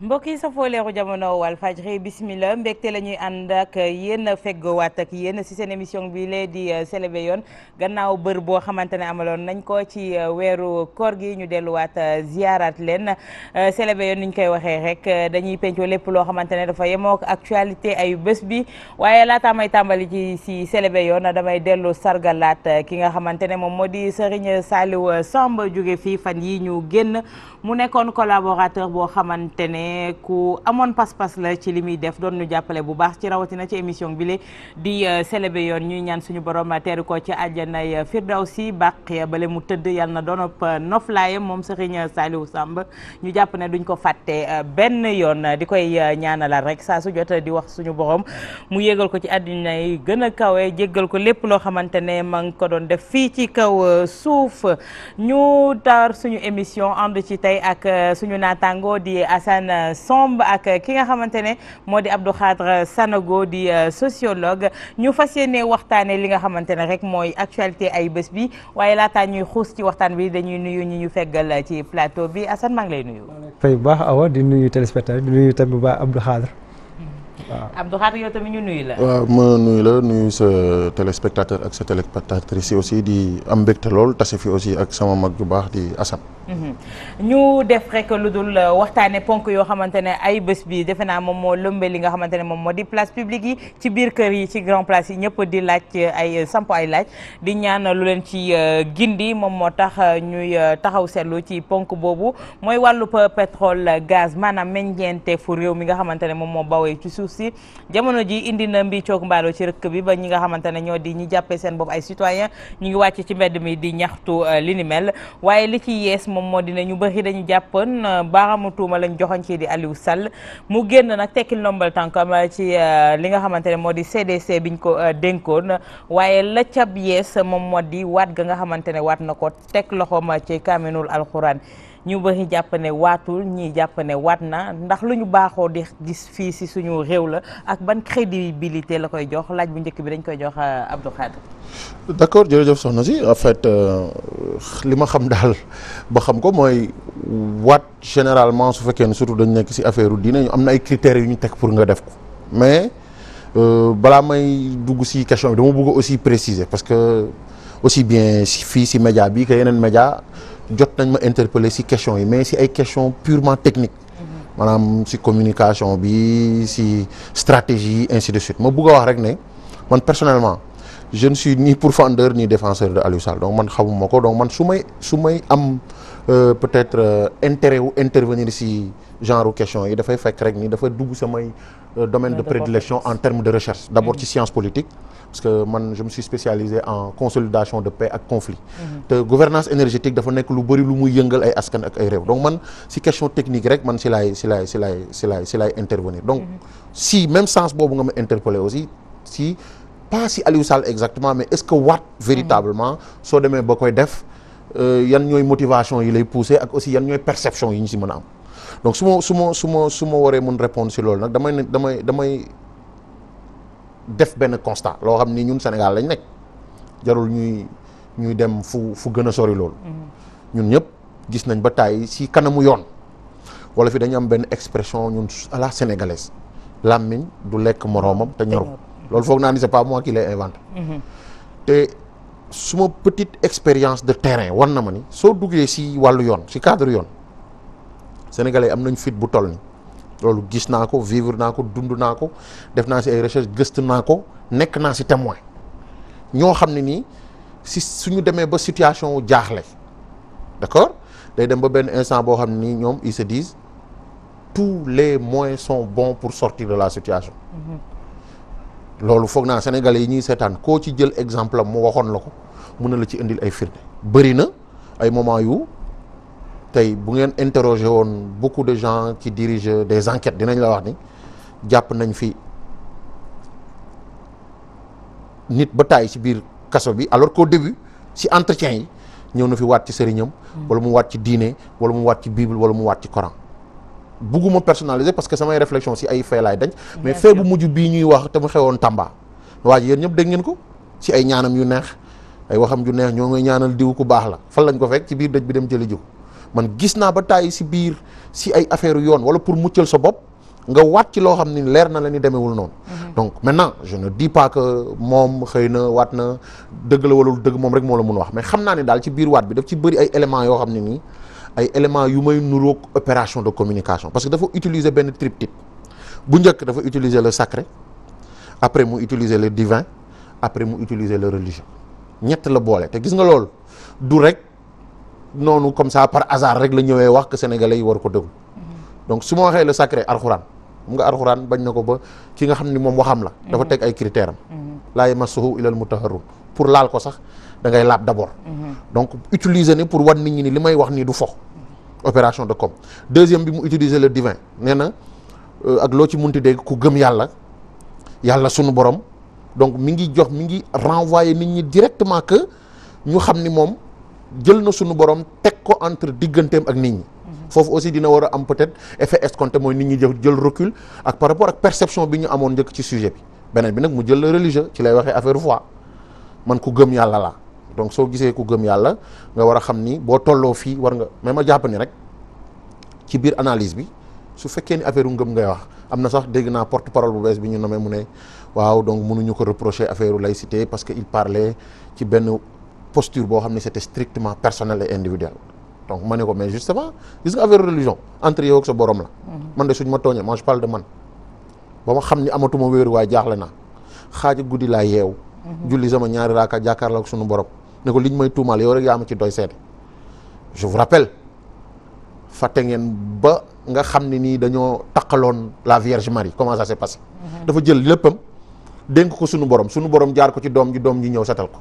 mbokk yi sa foo leeru jamono Walfadjri bismillah mbégte la ñuy ànd ak yéen feggoowaat ak yéen si seen émission bi lee di célébrer euh, yoon gannaaw bër boo xamante ne amaloon nañ ko ci euh, weeru koor gi ñu delluwaat euh, ziarat leen célébrer yoon ni ñu koy waxee rek dañuy pencoo lépp loo xamante ne dafa yemook actualité ay bés bi waaye laata may tàmbali ci si célébrer yoon damay dellu sargalaat ki nga xamante ne moom moo di Serigne Saliou Samb jóge fii fan yi ñu génn mu nekkoon collaborateur xamante ne ne ku amoon pas-pas la ci li muy def doon ñu jàppale bu baax ci rawatina ci émission bile di euh, célébé yoon ñuy ñaan suñu borom teeru ko ci àjjanay euh, firdawsi bàq bale mu tëdd yàlla na doonop euh, noflaayam moom Serigne Saliou Samb ñu jàpp ne duñ ko fàtte benn yoon di koy ñaana ñaanalal rek saa su jot di wax suñu borom mu yégal ko ci àddina yi gën a kawe jéggal ko lépp loo xamante ne ma ngi ko doon def fii ci kaw suuf ñu tar suñu émission ànd ci tey ak suñu naataango Somb ak ki nga xamante ne moo di Abdou Khadre sanago di euh, sociologue ñu fas yéene waxtaane li nga xamante ne rek mooy actualité ay bés bi waaye laataa ñuy xuus ci waxtaan bi dañuy nuyu ñu ñu feggal euh, ci plateau bi Assane maa nuyu. fay baax Awa di nuyu téléspectateur di nuyu tamit ba baax Abdou Abdou Khadre yow tamit ñu nuyu la. waaw ma nuyu la nuyu sa téléspectateur ak sa téléspectatrice aussi di am mbégte lool tase fi aussi ak sama mag ju baax di Assane. Mhm. ñu def rek lu dul euh, waxtaane ponk yoo xamante ne ay bés bi defe naa moom moo lëmbee li nga xamante ne moom moo di place publique yi ci biir kër yi ci grand place yi ñëpp di laaj euh, ay euh, samp ay laaj di ñaan lu leen ci gindi moom moo tax ñuy taxaw seetlu ci ponk boobu mooy wàllub pétrole gaz maanaam meññeente fu réew mi nga suuf si jamono ji indi na mbi coog mbaaloo ci rëkk bi ba ñi nga xamante ne ñoo di ñu jàppee seen bopp ay citoyen ñu ngi wàcc ci mbedd mi di ñaxtu euh, li ni mel waaye li ci yees moom moo dina ñu bëri dañu jàppoon euh, baaraamu lañ joxoon ci di Aliou Sall mu génn nag tekkil ndombal tànkam euh, ci li nga xamante ne moo di CDC biñ ko dénkoon waaye la cab yees moom moo di waat ga nga xamante ne waat na ko teg ma ci kaaminul alxuraan ñu bëri jàpp ne waatul ñii jàpp ne waat na ndax lu ñu baaxoo di gis fii si suñu réew la ak ban crédibilité la koy jox laaj bu njëkk bi dañ koy jox euh, Abdou Khadre. d'accord jërëjëf soxna si en fait euh, li ma xam daal ba xam ko mooy waat généralement su fekkee ne surtout dañ nekk si affaire diine ñu am na ay critères yu ñu teg pour nga def ko mais euh, balaa may dugg si question bi dama bëgg aussi préciser parce que aussi bien fii si média bi que yeneen média jot nañ ma interpeller si question yi mais si ay question purement technique maanaam si communication bi si stratégie yi ainsi de suite ma bëgg wax rek ne man personnellement je ne suis pour pourfendeur ni défenseur de Aliou Sall donc man xamuma ko donc man su may su may am euh, peut-être euh, intérêt wu intervenir si genre question yi dafay fekk rek ni dafa dugg samay Euh, domaine de prédilection en termes de recherche d'abord ci science politique parce man je me suis spécialisé en consolidation de paix ak conflit mhm. te gouvernance énergétique dafa nekk lu bëri lu muy yëngal ay askan ak ay réew donc man si question technique rek man si laay si laay intervenir donc mhm. si même sens boobu nga ma interpellé aussi si pas si exactement mais est-ce que Wade véritablement soo demee ba koy def euh, yan ñooy motivation yi lay poussé donc su ma su ma su ma su ma waree mun répondre si loolu nag damay ne damay damay def benn constat loo xam ni ñun Sénégal lañ nekk jarul ñuy ñuy dem fu gën a sori loolu. Mhm. ñun ñëpp gis nañ ba tàyyi si kanamu yoon. wala fii dañu am benn expression ñun à la sénégalaise làmmiñ du lekk moroomam te ñoru loolu foog naa ni c'est pas moi qui l'ai inventé. Mhm. te suma petite expérience de terrain war na ma ni soo duggee si wàllu yoon si cadre yoon. sénégalais am nañ fit bu toll ni loolu gis naa ko vivre naa ko dund naa ko def naa si ay recherche gëstu naa ko nekk naa si témoin ñoo xam ne nii si suñu demee ba situation wu jaaxle d'accord day dem ba benn instant boo xam ne nii ñoom ils se tous les moyens son bon pour sortir de la situation mm-hmm. loolu foog naa sénégalais yi ñuy seetaan koo ci jël exemple am mu waxoon la ko mun na la ci indil ay firnde bëri na ay moment yu tey bu ngeen interroger woon beaucoup de gens ci dirige des enquêtes dinañ la wax ni jàpp nañ fi nit ba taay ci biir kaso bi alors qu'au début ci entretien yi ñëw na fi waat ci sëriñam hmm. wala mu waat ci diine wala mu waat ci biible wala mu waat ci coran bugguma personnaliser parce que samay réflexion si ay fee dañ mais fee bu mujj bi ñuy wax te mu xewoon Tamba waa ji ñëpp dëgg ngeen ko ci ay ñaanam yu neex ay waxam yu neex ñoo ngay ñaanal diw ku baax la fan lañ ko fekk ci biir dëj bi dem jëli jiw man gis naa ba tàyyi si biir si ay affaire yoon wala pour muccal sa bopp nga waat ci loo xam ni leer na la ni demeewul noonu. Mhm. donc maintenant je ne dis pas moom xëy na waat na dëgg la wala dëgg moom rek moo la mun wax mais xam naa ne daal ci biir waat bi daf ci bëri ay éléments yoo xam ne nii ay éléments yu may nuroog opération de communication parce que dafa utiliser benn triptyque bu njëkk dafa utiliser le sacré après mu utiliser le divin après mu utiliser le religieux ñett la boole te gis nga loolu du rek. noonu comme ça par hasard rek la ñëwee wax que sénégalais yi war ko déglu donc su ma waxee le sacré alxuraan mu nga alxuraan bañ na ko ba ki nga xam ni moom waxam la dafa teg ay critères am laa yamassuhu ilal mutahharun pour laal ko sax dangay ngay laab d'abord donc utiliser ni pour wan nit ñi ni li may wax nii du fox opération de com deuxième bi mu utiliser le divin nee na euh, ak loo ci munti dégg ku gëm yàlla yàlla sunu borom donc mi ngi jox mi ngi renvoyer nit ñi directement que ñu xam ni moom jël na suñu borom teg ko entre digganteem ak nit ñi. Mhm. foofu aussi dina war a am peut-être effet escompté mooy nit ñi jël jël recul ak par rapport ak perception bi ñu amoon njëkk ci sujet bi beneen bi nag mu jël la religieux ci lay waxee affaire foi man ku gëm yàlla la donc soo gisee ku gëm yàlla nga war a xam ni boo tolloo fii war nga mais ma jàpp ni rek ci biir analyse bi su fekkee ni affaire ngëm ngay wax am na sax dégg naa porte parole bu bees bi ñu nommé mu ne waaw donc mënuñu ko reprocher affaire laïcité parce que il parlait ci benn. posture boo xam ne c'était strictement personnel et individuel donc ma ne ko mais justement gis nga affaire religion entre yow ak sa borom la mm-hmm. man de suñ ma tooñee moi je parle de man ba ma xam ni amatuma wéeru waaye jaaxle naa xaaja guddi laa yeew mm-hmm. julli sama ñaari raaka jàkkaarloo ak suñu borom ne ko liñ may tuumaal yow rek yaa ma ci doy seede je vous rappelle fàtte ngeen ba nga xam ne nii dañoo taqaloon la Vierge Marie comment ça s'est passé mm-hmm. dafa jël léppam dénk ko suñu borom suñu borom jaar ko ci doom ji doom ji ñëw setal ko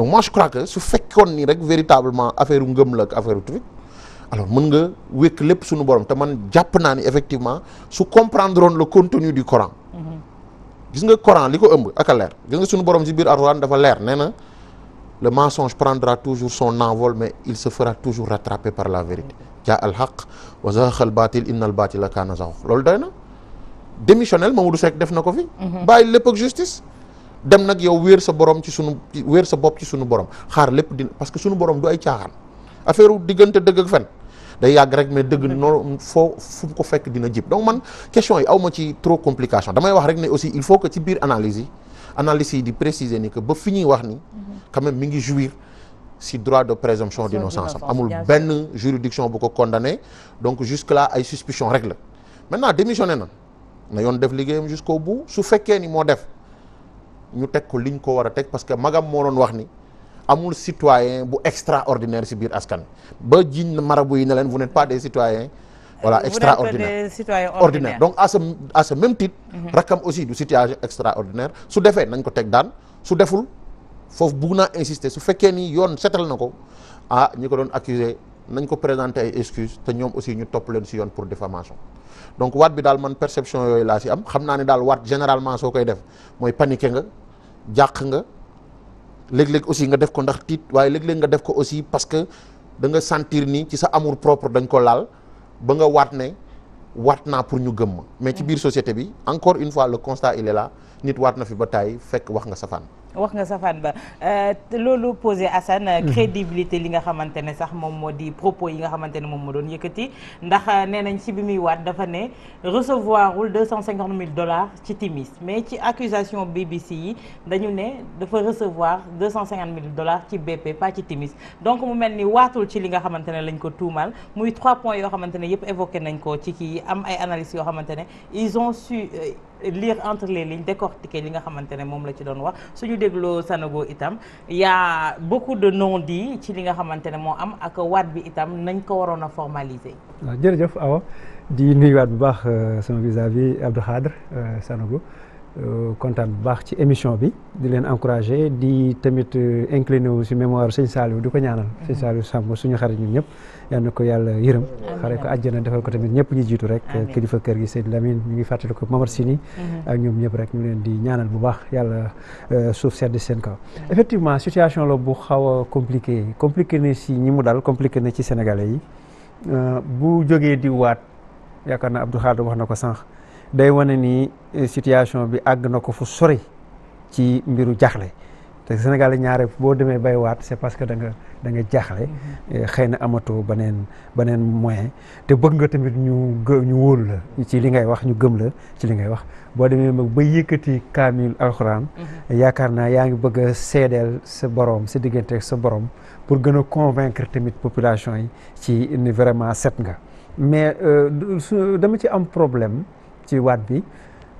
donc moi je crois que su fekkoon ni rek véritablement affaire ngëm la ak affaire u alors mën nga wékk lépp suñu borom te man jàpp naa ni effectivement su comprendre woon le contenu du Coran. Mhm. gis nga Coran li ko ëmb ak a leer gis nga suñu borom ci biir Alxuraan dafa leer nee le mensonge prendra toujours son envol mais il se fera toujours rattraper par la vérité jaa al haqq wa zahaqa al baatil inna al baatila kaana zahuuqa loolu doy na démissionnel dem nag yow wéer sa borom ci sunu wéer sa bopp ci sunu borom xaar lépp di parce que sunu borom du ay caaxaan affaire diggante dëgg ak fen day yàgg rek mais dëgg noonu foo fu mu ko fekk dina jib donc man question yi aw ma ci trop complication damay wax rek ne aussi il faut que ci biir analyse yi analyse yi di préciser ni que ba fi ñuy wax ni mhm. quand même mi ngi jouir si droit de présomption d'innocence am amul benn juridiction bu ko condamné donc jusque là ay suspicion rek la maintenant n na na yoon def liggéeyam jusqu'au bout su fekkee ni moo def ñu teg ko liñ ko war teg parce que magam moo doon wax ni amul citoyen bu extraordinaire si biir askan ba jiñ marabu yi ne leen vous n'êtes pas des citoyens voilà extraordinaire ordinaire donc à ce à ce même titre mhm. rakkam aussi du situation extraordinaire su defee nañ ko teg daan su deful foofu bugg naa insister su fekkee ni yoon setal na ko ah ñi ko doon accuser nañ ko présenter ay excuse te ñoom aussi ñu topp leen si yoon pour diffamation donc waat bi daal man perception yooyu laa si am xam naa ne daal waat généralement soo koy def mooy paniqué nga jàq nga léeg-léeg aussi nga def ko ndax tiit waaye léeg-léeg nga def ko aussi parce que da nga sentir ni ci sa amour propre dañ ko laal ba nga waat ne waat naa pour ñu gëm ma mais ci mm. biir société bi encore une fois le constat il nit waat na fi ba tàyyi fekk wax nga safaan wax nga safaan ba euh, loolu posé Assane mhm. crédibilité li nga xamante ne sax moom moo di propos yi nga xamante ne moom moo doon yëkkati ndax euh, nee nañ bi muy waat dafa ne recevoirul deux cent cinquante mille dollars ci Timis mais ci accusation BBC yi dañu ne dafa recevoir deux cent cinquante mille dollars ci BP pas ci Timis donc mu mel ni waatul ci li nga xamante ne lañ ko tuumal muy trois points yoo xamante ne yëpp évoqué nañ ko ci kii am ay analyses yoo xamante ne ils ont su euh, lire entre les lignes décortiquer li nga xamante ne moom la ci doon wax suñu dégloo Sanogo itam yaa beaucoup de non-dits ci li nga xamante ne moo am ak waat bi itam nañ ko waroon a formaliser. jër jëf Awa di nuyuwaat bu baax euh, sama vis-à-vis Abdou Khadre euh, Sanogo euh, kontaan bu baax ci émission bi di leen encourager di tamit incliné wu si mémoire Sëñ Saliou di ko ñaanal. Sëñ mhm. Saliou suñu xarit ñun ñëpp. yal na ko yàlla yërëm xare ko àjjana defal ko tamit ñëpp ñu jiitu rek kilifa kër gi Seydou Lamine ñu ngi fàttali ko Mamar Sini ak ñoom ñëpp rek ñu leen di ñaanal bu baax yàlla euh, suuf sedd seen kaw effectivement situation la bu xaw a compliqué compliqué na si ñi mu dal compliqué na ci sénégalais yi euh, bu jógee di waat yaakaar na Abdou Khadre wax na ko sànq day wane ni euh, situation bi àgg na ko fu sori ci mbiru jaxle te Sénégal ñaare boo demee bay waat c'est parce que da nga da nga jaaxle. Mm-hmm. Eh, xëy na amatoo beneen beneen moyen te bëgg nga tamit ñu ñu wóolu la ci li ngay wax ñu gëm la ci li ngay wax boo demee mag ba yëkkati kaamil alxuraan. Mm-hmm. yaakaar naa yaa ngi bëgg a sa borom sa diggante sa borom pour gën a convaincre tamit population yi ci ni vraiment set nga. mais euh, dama ci am problème ci waat bi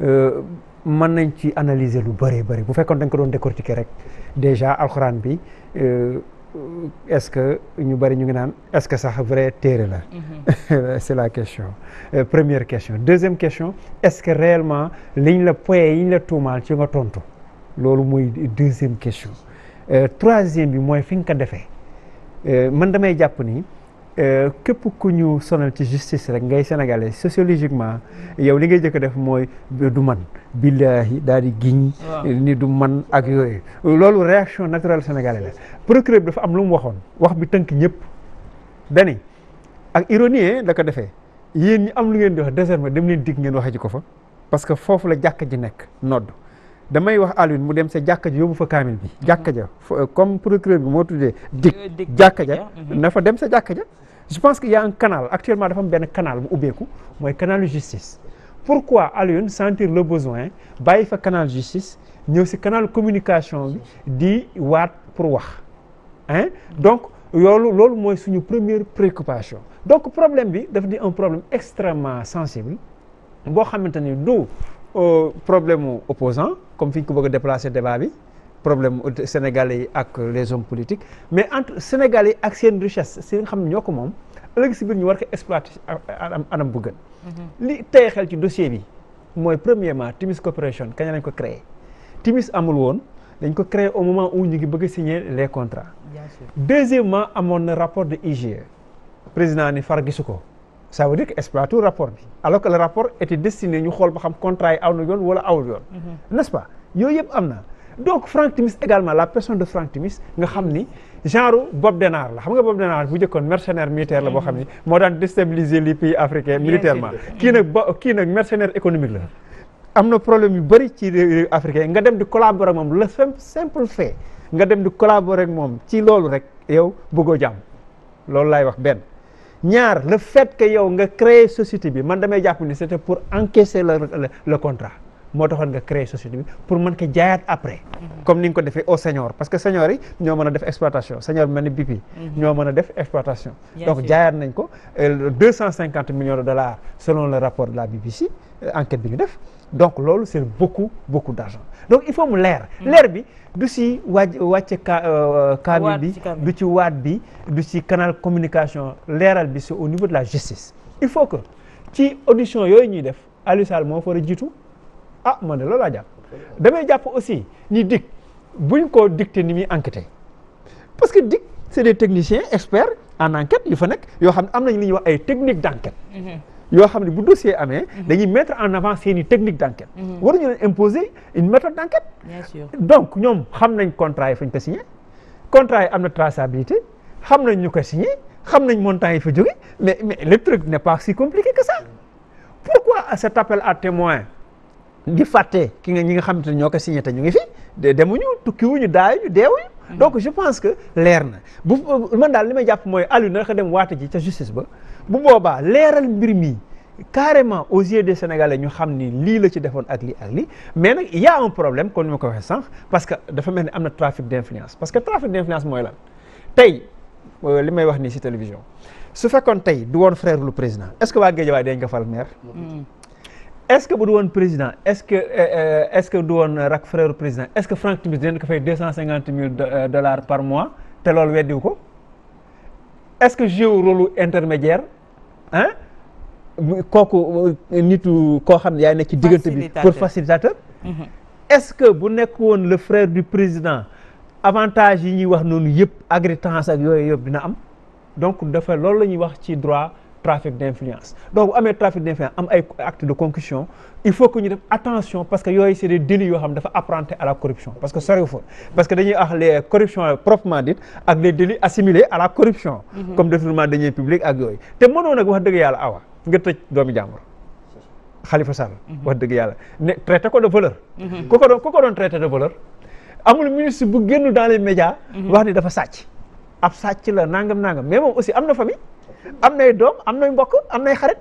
euh, mën nañ ci analyser lu bëree bari bu fekkoon dañ ko doon décortiquer rek déjà alxuraan bi euh, est-ce que ñu bari ñu ngi naan est-ce que sax vrai téere la mm-hmm. c'est la question euh, première question deuxième question est-ce que réellement liñ la poye yiñ la tuumaal ci nga tontu loolu mooy deuxième question euh, troisième bi mooy fi nga ko defee euh, man damay jàpp ni Euh, képp ku ñu sonal ci justice rek ngay sénégalais sociologiquement yow li ngay jëkk def mooy du man billahi daal di giñ ni du man ak yooyu loolu réaction naturelle sénégalais la procureur bi dafa am lu mu waxoon wax bi tënk ñëpp dani ak ironie la ko defee yéen ñi am lu ngeen di wax désormais dem leen dig ngeen waxee ci ko fa parce que foofu la jàkka ji nekk nodd damay wax Alioune mu dem sa jàkka ji yóbbu fa kaamil bi jàkka ja mhm. comme procureur bi moo tuddee dig jàkka ja mhm. na fa dem sa jàkka ja je pense que y a un canal actuellement dafa am benn canal bu ubbeeku mooy canalu justice pourquoi Alioune sentir le besoin bàyyi fa canal justice ñëw si canal communication di waat pour wax hein donc yoolu loolu mooy suñu première préoccupation donc problème bi dafa di un problème extrêmement sensible boo xamante ni du euh, problème opposant comme fi ñu ko bëgg a déplacer débat bi problème sénégalais yi ak les hommes politiques mais entre sénégalais yi ak seen richesse si nga xam ne ñoo ko moom ëllëg si biir ñu war ko exploiter anam anam mhm. li tey xel ci dossier bi mooy premièrement Timis Corporation kañ lañ ko créé Timis amul woon dañ ko créé au moment où ñu ngi bëgg a signer les contrats. bien deuxièmement amoon na rapport de IGE président ni far gisu ko. sa veut dire que exploité rapport bi alors que le rapport était destiné ñu xool ba xam donc Franck Timis également la personne de Franck Timis nga xam ni genre Bob Denard la xam nga Bob Denard bu njëkkoon mercenaire militaire la boo xam ni moo daan déstabiliser les pays africains militairement kii nag ba kii nag mercenaire économique la am na problème yu bëri ci réew africain nga dem di collaborer ak moom le simple fait nga dem di collaborer ak moom ci loolu rek yow bëggoo jàmm loolu laay wax benn ñaar le fet que yow nga créer société bi man damay jàpp ni c'était pour encaisser le le contrat moo taxoon nga créer société bi pour man ko jaayaat après. comme ni nga ko defee au senior parce que senior yi ñoo mën a def exploitation senior bi man ni BP. Mhm. ñoo mën a def exploitation. donc jaayaat nañ ko euh, deux cent cinquante millions de dollars selon le rapport de la BBC euh, enquête bi ñu def donc loolu c'est beaucoup beaucoup d'argent donc il faut mu leer. Mhm. leer bi du si wàcc wàcce ka euh, kaamil bi du ci waat bi du si canal communication leeral bi c'est au niveau de la justice. il faut que ci audition yooyu ñuy def Aliou Sall a jiitu. ah man de loolu laa jàpp damay jàpp aussi ni bu buñ ko dicté ni muy enquêté parce que DIC c'est des techniciens experts en enquête yu fa nekk yoo xam ne am nañ li ñuy wax ay techniques d'enquête mm-hmm. yoo xam ne bu dossier amee mm-hmm. dañuy mettre en avant seen i technique d'enquête mm-hmm. waruñu leen imposer une méthode d'enquête bien sûr donc ñoom xam nañ contrat yi fañ ko signé contrat yi am na traçabilité xam nañ ñu ko signé xam nañ montant yi fa jóge mais mais le truc n'est pas si compliqué que ça pourquoi cet di fàtte ki nga ñi nga xamante ne ñoo ko signé te ñu ngi fi de demuñu tukkiwuñu daayuñu deewuñu. Mm. donc je pense que leer na bu man daal li may jàpp mooy Aliou naka dem waate ji ca justice ba bu boobaa leeral mbir mi carrément aux yeux des sénégalais ñu xam ni lii la ci defoon ak lii ak lii mais nag y a un problème comme ni ma ko waxee sànq parce que dafa mel ni am na trafic d'influence parce que trafic d'influence mooy la tey euh, li may wax nii si télévision su fekkoon tey du woon frère lu président est que waa Guédiawaye est-ce que bu du woon président est-ce que euh, euh, est-ce que du woon rak frère président est-ce que Frank Timis dinañ ko fay deux cent cinquante euh, dollars par mois te loolu weddiwu ko est-ce que joué rôle intermédiaire ah kooku nitu koo xam ne yaay nekk ci diggante bi pour facilitateur mhm. est-ce que bu nekk woon le frère du président avantage yi ñuy wax noonu yëpp agritance ak yooyu yëpp dina am donc dafa loolu la wax ci droit trafic d' donc amee trafic d' am ay acte de concussion il faut que ñu def attention parce que yooyu c' est des yoo xam dafa apparenté à la corruption parce que soriw fa parce que dañuy wax les corruptions proprement dites ak les délits assimilés à la corruption mm-hmm. comme détournement de deniers publics ak yooyu te mënoo nag wax dëgg yàlla awa nga tëj doomi jàmbur mm-hmm. mm-hmm. ku ko doon ku de voleur amul ministre bu génn dans les médias am nay doom am nay mbokk am nay xarit.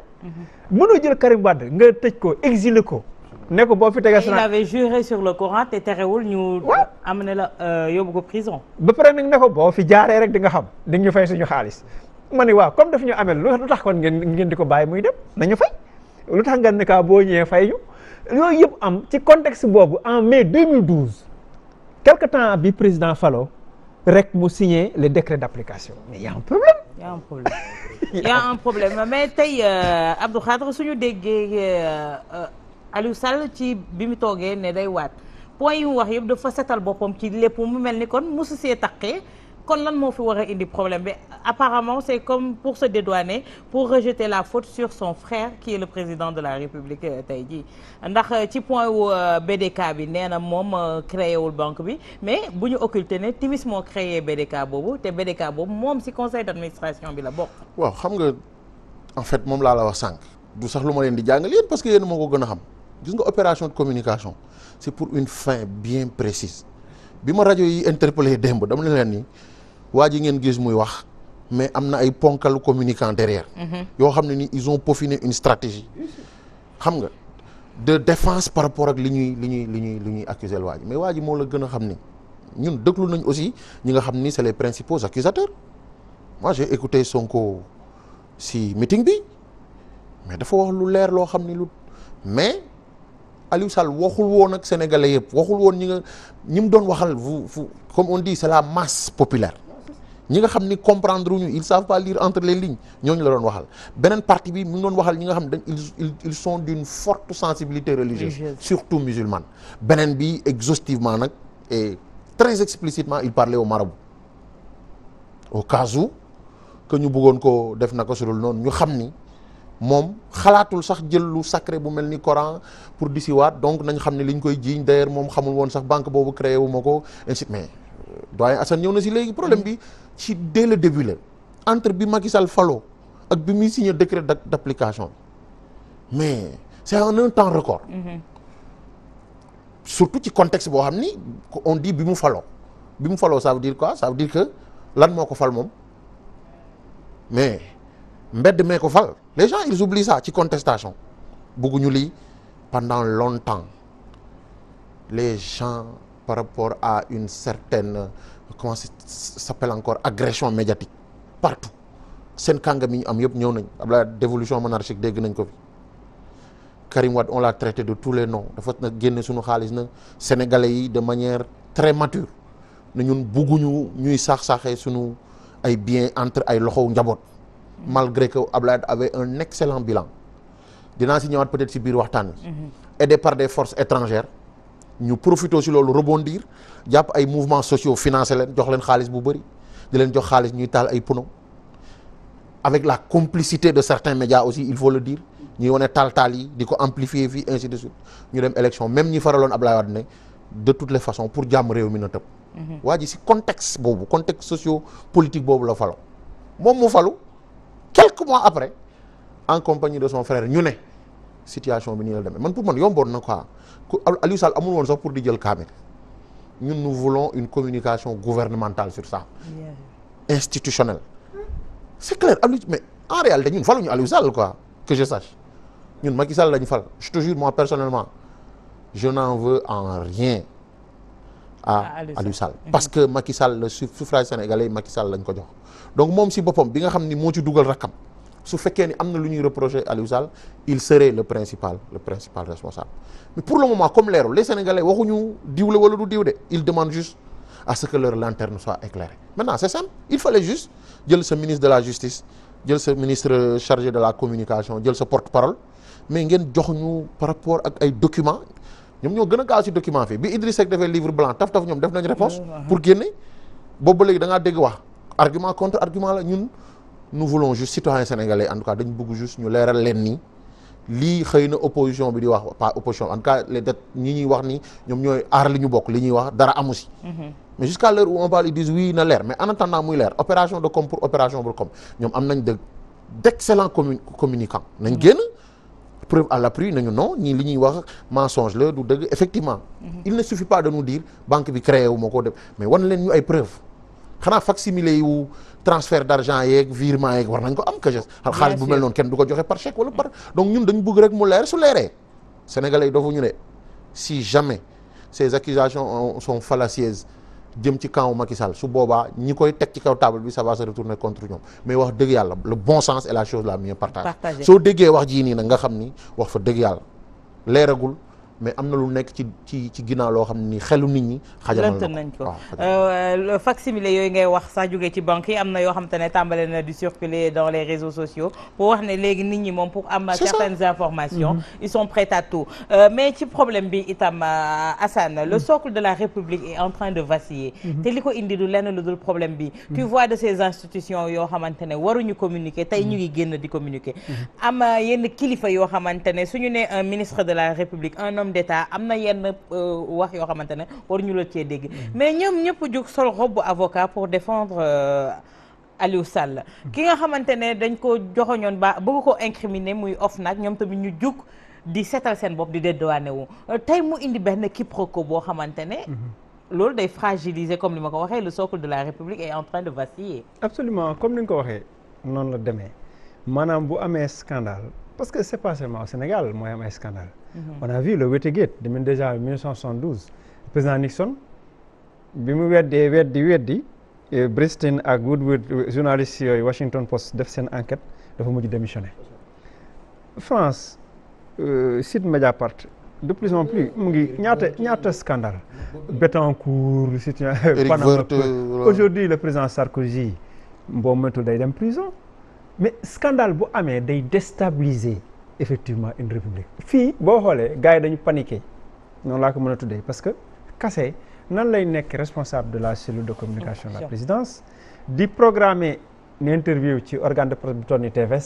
mënoo jël Karim Wade nga tëj ko exilé ko. ne ko boo fi tegee sa il avait juré sur le te terewul ñu. am na la euh, yóbbu ko prison. ba pare nag ne ko boo fi jaaree rek di nga xam di ñu fay suñu xaalis ma ne waaw comme daf ñu amel lu tax kon ngeen ngeen di ko bàyyi muy dem nañu fay lu tax nga ne kaa boo ñëwee fay ñu yooyu yëpp am ci contexte boobu en mai 2012 quelque temps bi président Fallo rek mu signé les décret d' application mais y' un problème. y a un problème y a un problème mais tey euh, Abdou Khadre suñu déggee euh, Aliou Sall ci bi mu toogee ne day waat point yu mu wax yëpp dafa setal boppam ci lépp mu mel ni kon mosu see taqee kon lan moo fi war a indi problème bi apparemment c'est comme pour se dédouaner pour rejeter la faute sur son frère qui est le président de la République euh, tey jii ndax euh, ci point wu euh, BDK bi nee na moom créé wul banque bi mais bu ñu occulté ne Timis moo créé BDK boobu te BDK boobu moom ci conseil d'administration bi la bokk. waaw xam nga en fait moom laa la wax sànq du sax lu ma leen di jàngal yéen parce que yéen moo ko gën a xam gis nga opération de communication pour une fin bien précise bi ma rajo yi interpellé démb dama ne leen ni. waa ji ngeen gis muy wax mais am na ay ponkal communicant derrière. Mhm. yoo xam ne ni ils ont peaufiné une stratégie xam nga de défense par rapport ak li ñuy li ñuy li ñuy li ñuy accuser waa ji mais waa ji moo la gën a xam ni ñun déglu nañ aussi ñi nga xam ni c'est les principaux accusateurs moi j'ai écouté Sonko si meeting bi mais dafa wax lu leer loo xam ni lu mais Aliou Sall waxul woon ak sénégalais yëpp waxul woon ñi nga ñi mu doon waxal fu comme on di c'est la masse populaire. ñi nga xam ni comprendre wuñu ils savent pas lire entre les lignes ñooñu la doon waxal beneen partie bi mu ngi doon waxal ñi nga xam dañ ils ils sont d'une forte sensibilité religieuse surtout musulmane beneen bi exhaustivement nag et très explicitement il parlait au marabout au cas où ñu bëggoon ko def na ko su dul noonu ñu xam ni moom xalaatul sax jël lu sacré bu mel ni Coran pour di siwaat donc nañ xam ne liñ koy jiiñ d'ailleurs moom xamul woon sax banque boobu créé wu ma ko ainsi mais euh, doyen Assane si léegi problème bi ci dès le la entre bi Macky Sall faloo ak bi muy signé décret d'application bi mais c'est en un temps record mm-hmm. surtout ci contexte boo xam ni on dit bi mu faloo bi mu faloo ça veut dire quoi ça veut dire que lan moo ko fal moom mais mbedd mee ko fal les gens ils oublient ça ci contestation bëgguñu lii pendant longtemps les gens par rapport à une certaine comment ça s'appelle encore agression médiatique partout seen kàngam yi ñu am yëpp ñëw nañ ab la dévolution monarchique dégg nañ ko fi Karim Wade on l'a traité de tous les noms dafa na génne sunu xaalis na sénégalais yi de manière très mature na ñun bugguñu ñuy saax-saaxee suñu ay biens entre ay loxow njaboot malgré que Abdoulaye avait un excellent bilan dinaa si ñëwaat peut si biir waxtaan wi mm-hmm. aidé par des forces étrangères ñu profité si loolu rebondir jàpp ay mouvements sociaux financé leen jox leen xaalis bu bëri di leen jox xaalis ñuy taal ay pono avec la complicité de certains médias aussi il faut le dire ñuy wane taal taal yi di ko amplifier fii ainsi de suite ñu dem élection même ñi faraloon Ablaye Wade ne de toutes les façons pour jàmm réew mi na tëb. Mhm. waa ji si contexte boobu contexte socio politique boobu la falo moom mu falu quelques mois après en compagnie de son frère ñu ne man pour man yomboon na quoi. Aliou Sall amul woon sax pour di jël kaamil ñun nous voulons une communication gouvernementale sur ça institutionnelle c'est clair Aliou mais en réalité ñun faluñu Aliou Sall je sache ñun Macky Sall lañu fal je te jure moi personnellement je n'en veux en rien à Aliou Sall parce que Macky Sall le suffrage sénégalais Macky Sall lañ ko jox donc moom si boppam bi nga xam ni moo ci dugal rakkam su fekkee ni am na lu ñuy reprocher Aliou Sall il serait le principal le principal responsable mais pour le moment comme leerul les sénégalais waxuñu diw la wala du diw de ils demandent juste à ce que leur lanterne soit éclairée maintenant c'est il fallait juste jël sa ministre de la justice jël sa ministre chargé de la communication jël sa porte-parole mais ngeen jox ñu par rapport ak ay documents ñoom ñoo gën a gaaw ci document fi bi Idriss Seck defee livre ñoom def nañ réponse mmh, mmh. pour génne boobu dégg wax argument contre argument la nous voulons juste citoyens sénégalais en tout cas dañ bëgg juste ñu leeral leen ni lii xëy na opposition bi di wax pas opposition en tout cas les dettes ñi ñuy wax ni ñoom ñooy aar li ñu bokk li ñuy wax dara amu si. Mhm. mais jusqu'à l'heure où on parle ils disent oui na leer mais en attendant muy leer opération de com pour opération pour com ñoom am nañ de d'excellents commu nañ mhm. génn preuve à l'appui nañu non ñii li ñuy wax mensonge la du dëgg xanaa facsimilé yu transfert d' argent yeeg virement yeeg war nañ ko am que je xaalis bu mel noonu kenn du ko joxe par chèque wala par donc ñun dañ bëgg rek mu leer su leeree sénégalais yi dafa ñu ne si jamais ces accusations sont fallacieuses jëm ci camp Macky Sall su boobaa ñi koy teg ci kaw table bi ça va se retourner contre ñoom mais wax dëgg yàlla le bon sens est la chose la mieux partagée. soo déggee wax jii nii nag nga xam ni wax fa dëgg yàlla leeragul. mais am na lu nekk ci ci ci ginnaaw loo xam ni xelu nit ñi. xajamal nañ ko waaw euh, facsimile yooyu ngay wax sax jógee ci banque yi am na yoo xam te ne na di circuler dans les réseaux sociaux pour wax ne léegi nit ñi moom pour am certaines informations mm-hmm. ils sont prêts à tout euh, mais ci problème bi itam euh, Assane le mm-hmm. socle de la République est en train de vaciller mm-hmm. te li ko indi du lenn lu dul problème bi tu vois de ces institutions yoo xamante ne waruñu communiquer tey ñu ngi génn di communiquer am yenn kilifa yoo xamante ne suñu ne homme am na yenn euh, wax yoo xamante ne war ñu la cee dégg mm-hmm. mais ñoom ñëpp jug sol robu avocat pour défendre euh, Aliou Sall mm-hmm. ki nga xamante ne dañ ko joxoñoon ba bëgg ko incriminer muy OFNAC ñoom tamit ñu jug di seetal seen bopp di dédouané wu euh, tey mu indi benn ko boo xamante ne mm-hmm. loolu day fragiliser comme ni ma ko waxee le socle de la République est en train de vaciller absolument comme ni nga ko waxee noonu la demee maanaam bu amee scandale parce que c'est pas seulement au Sénégal mooy am ay Mhm. on a vu le Watergate demin déjà 1972 président Nixon bi mu weddee weddi weddi eh, Bristin ak Woodward journaliste yooyu Washington Post def seen enquête dafa mujj démissionné France euh, site Mediapart de plus en plus mu ngi ñaata ñaata scandale Bettencourt euh, Panama aujourd'hui le président Sarkozy boo moytul day dem prison mais scandale bu amee day déstabiliser effectivement une république fii boo xoolee gars dañu paniqué noonu laa ko mën a tuddee parce que Kassé nan lay nekk responsable de la cellule de communication de la présidence di programme une interview ci organe de presse bu toll ni tv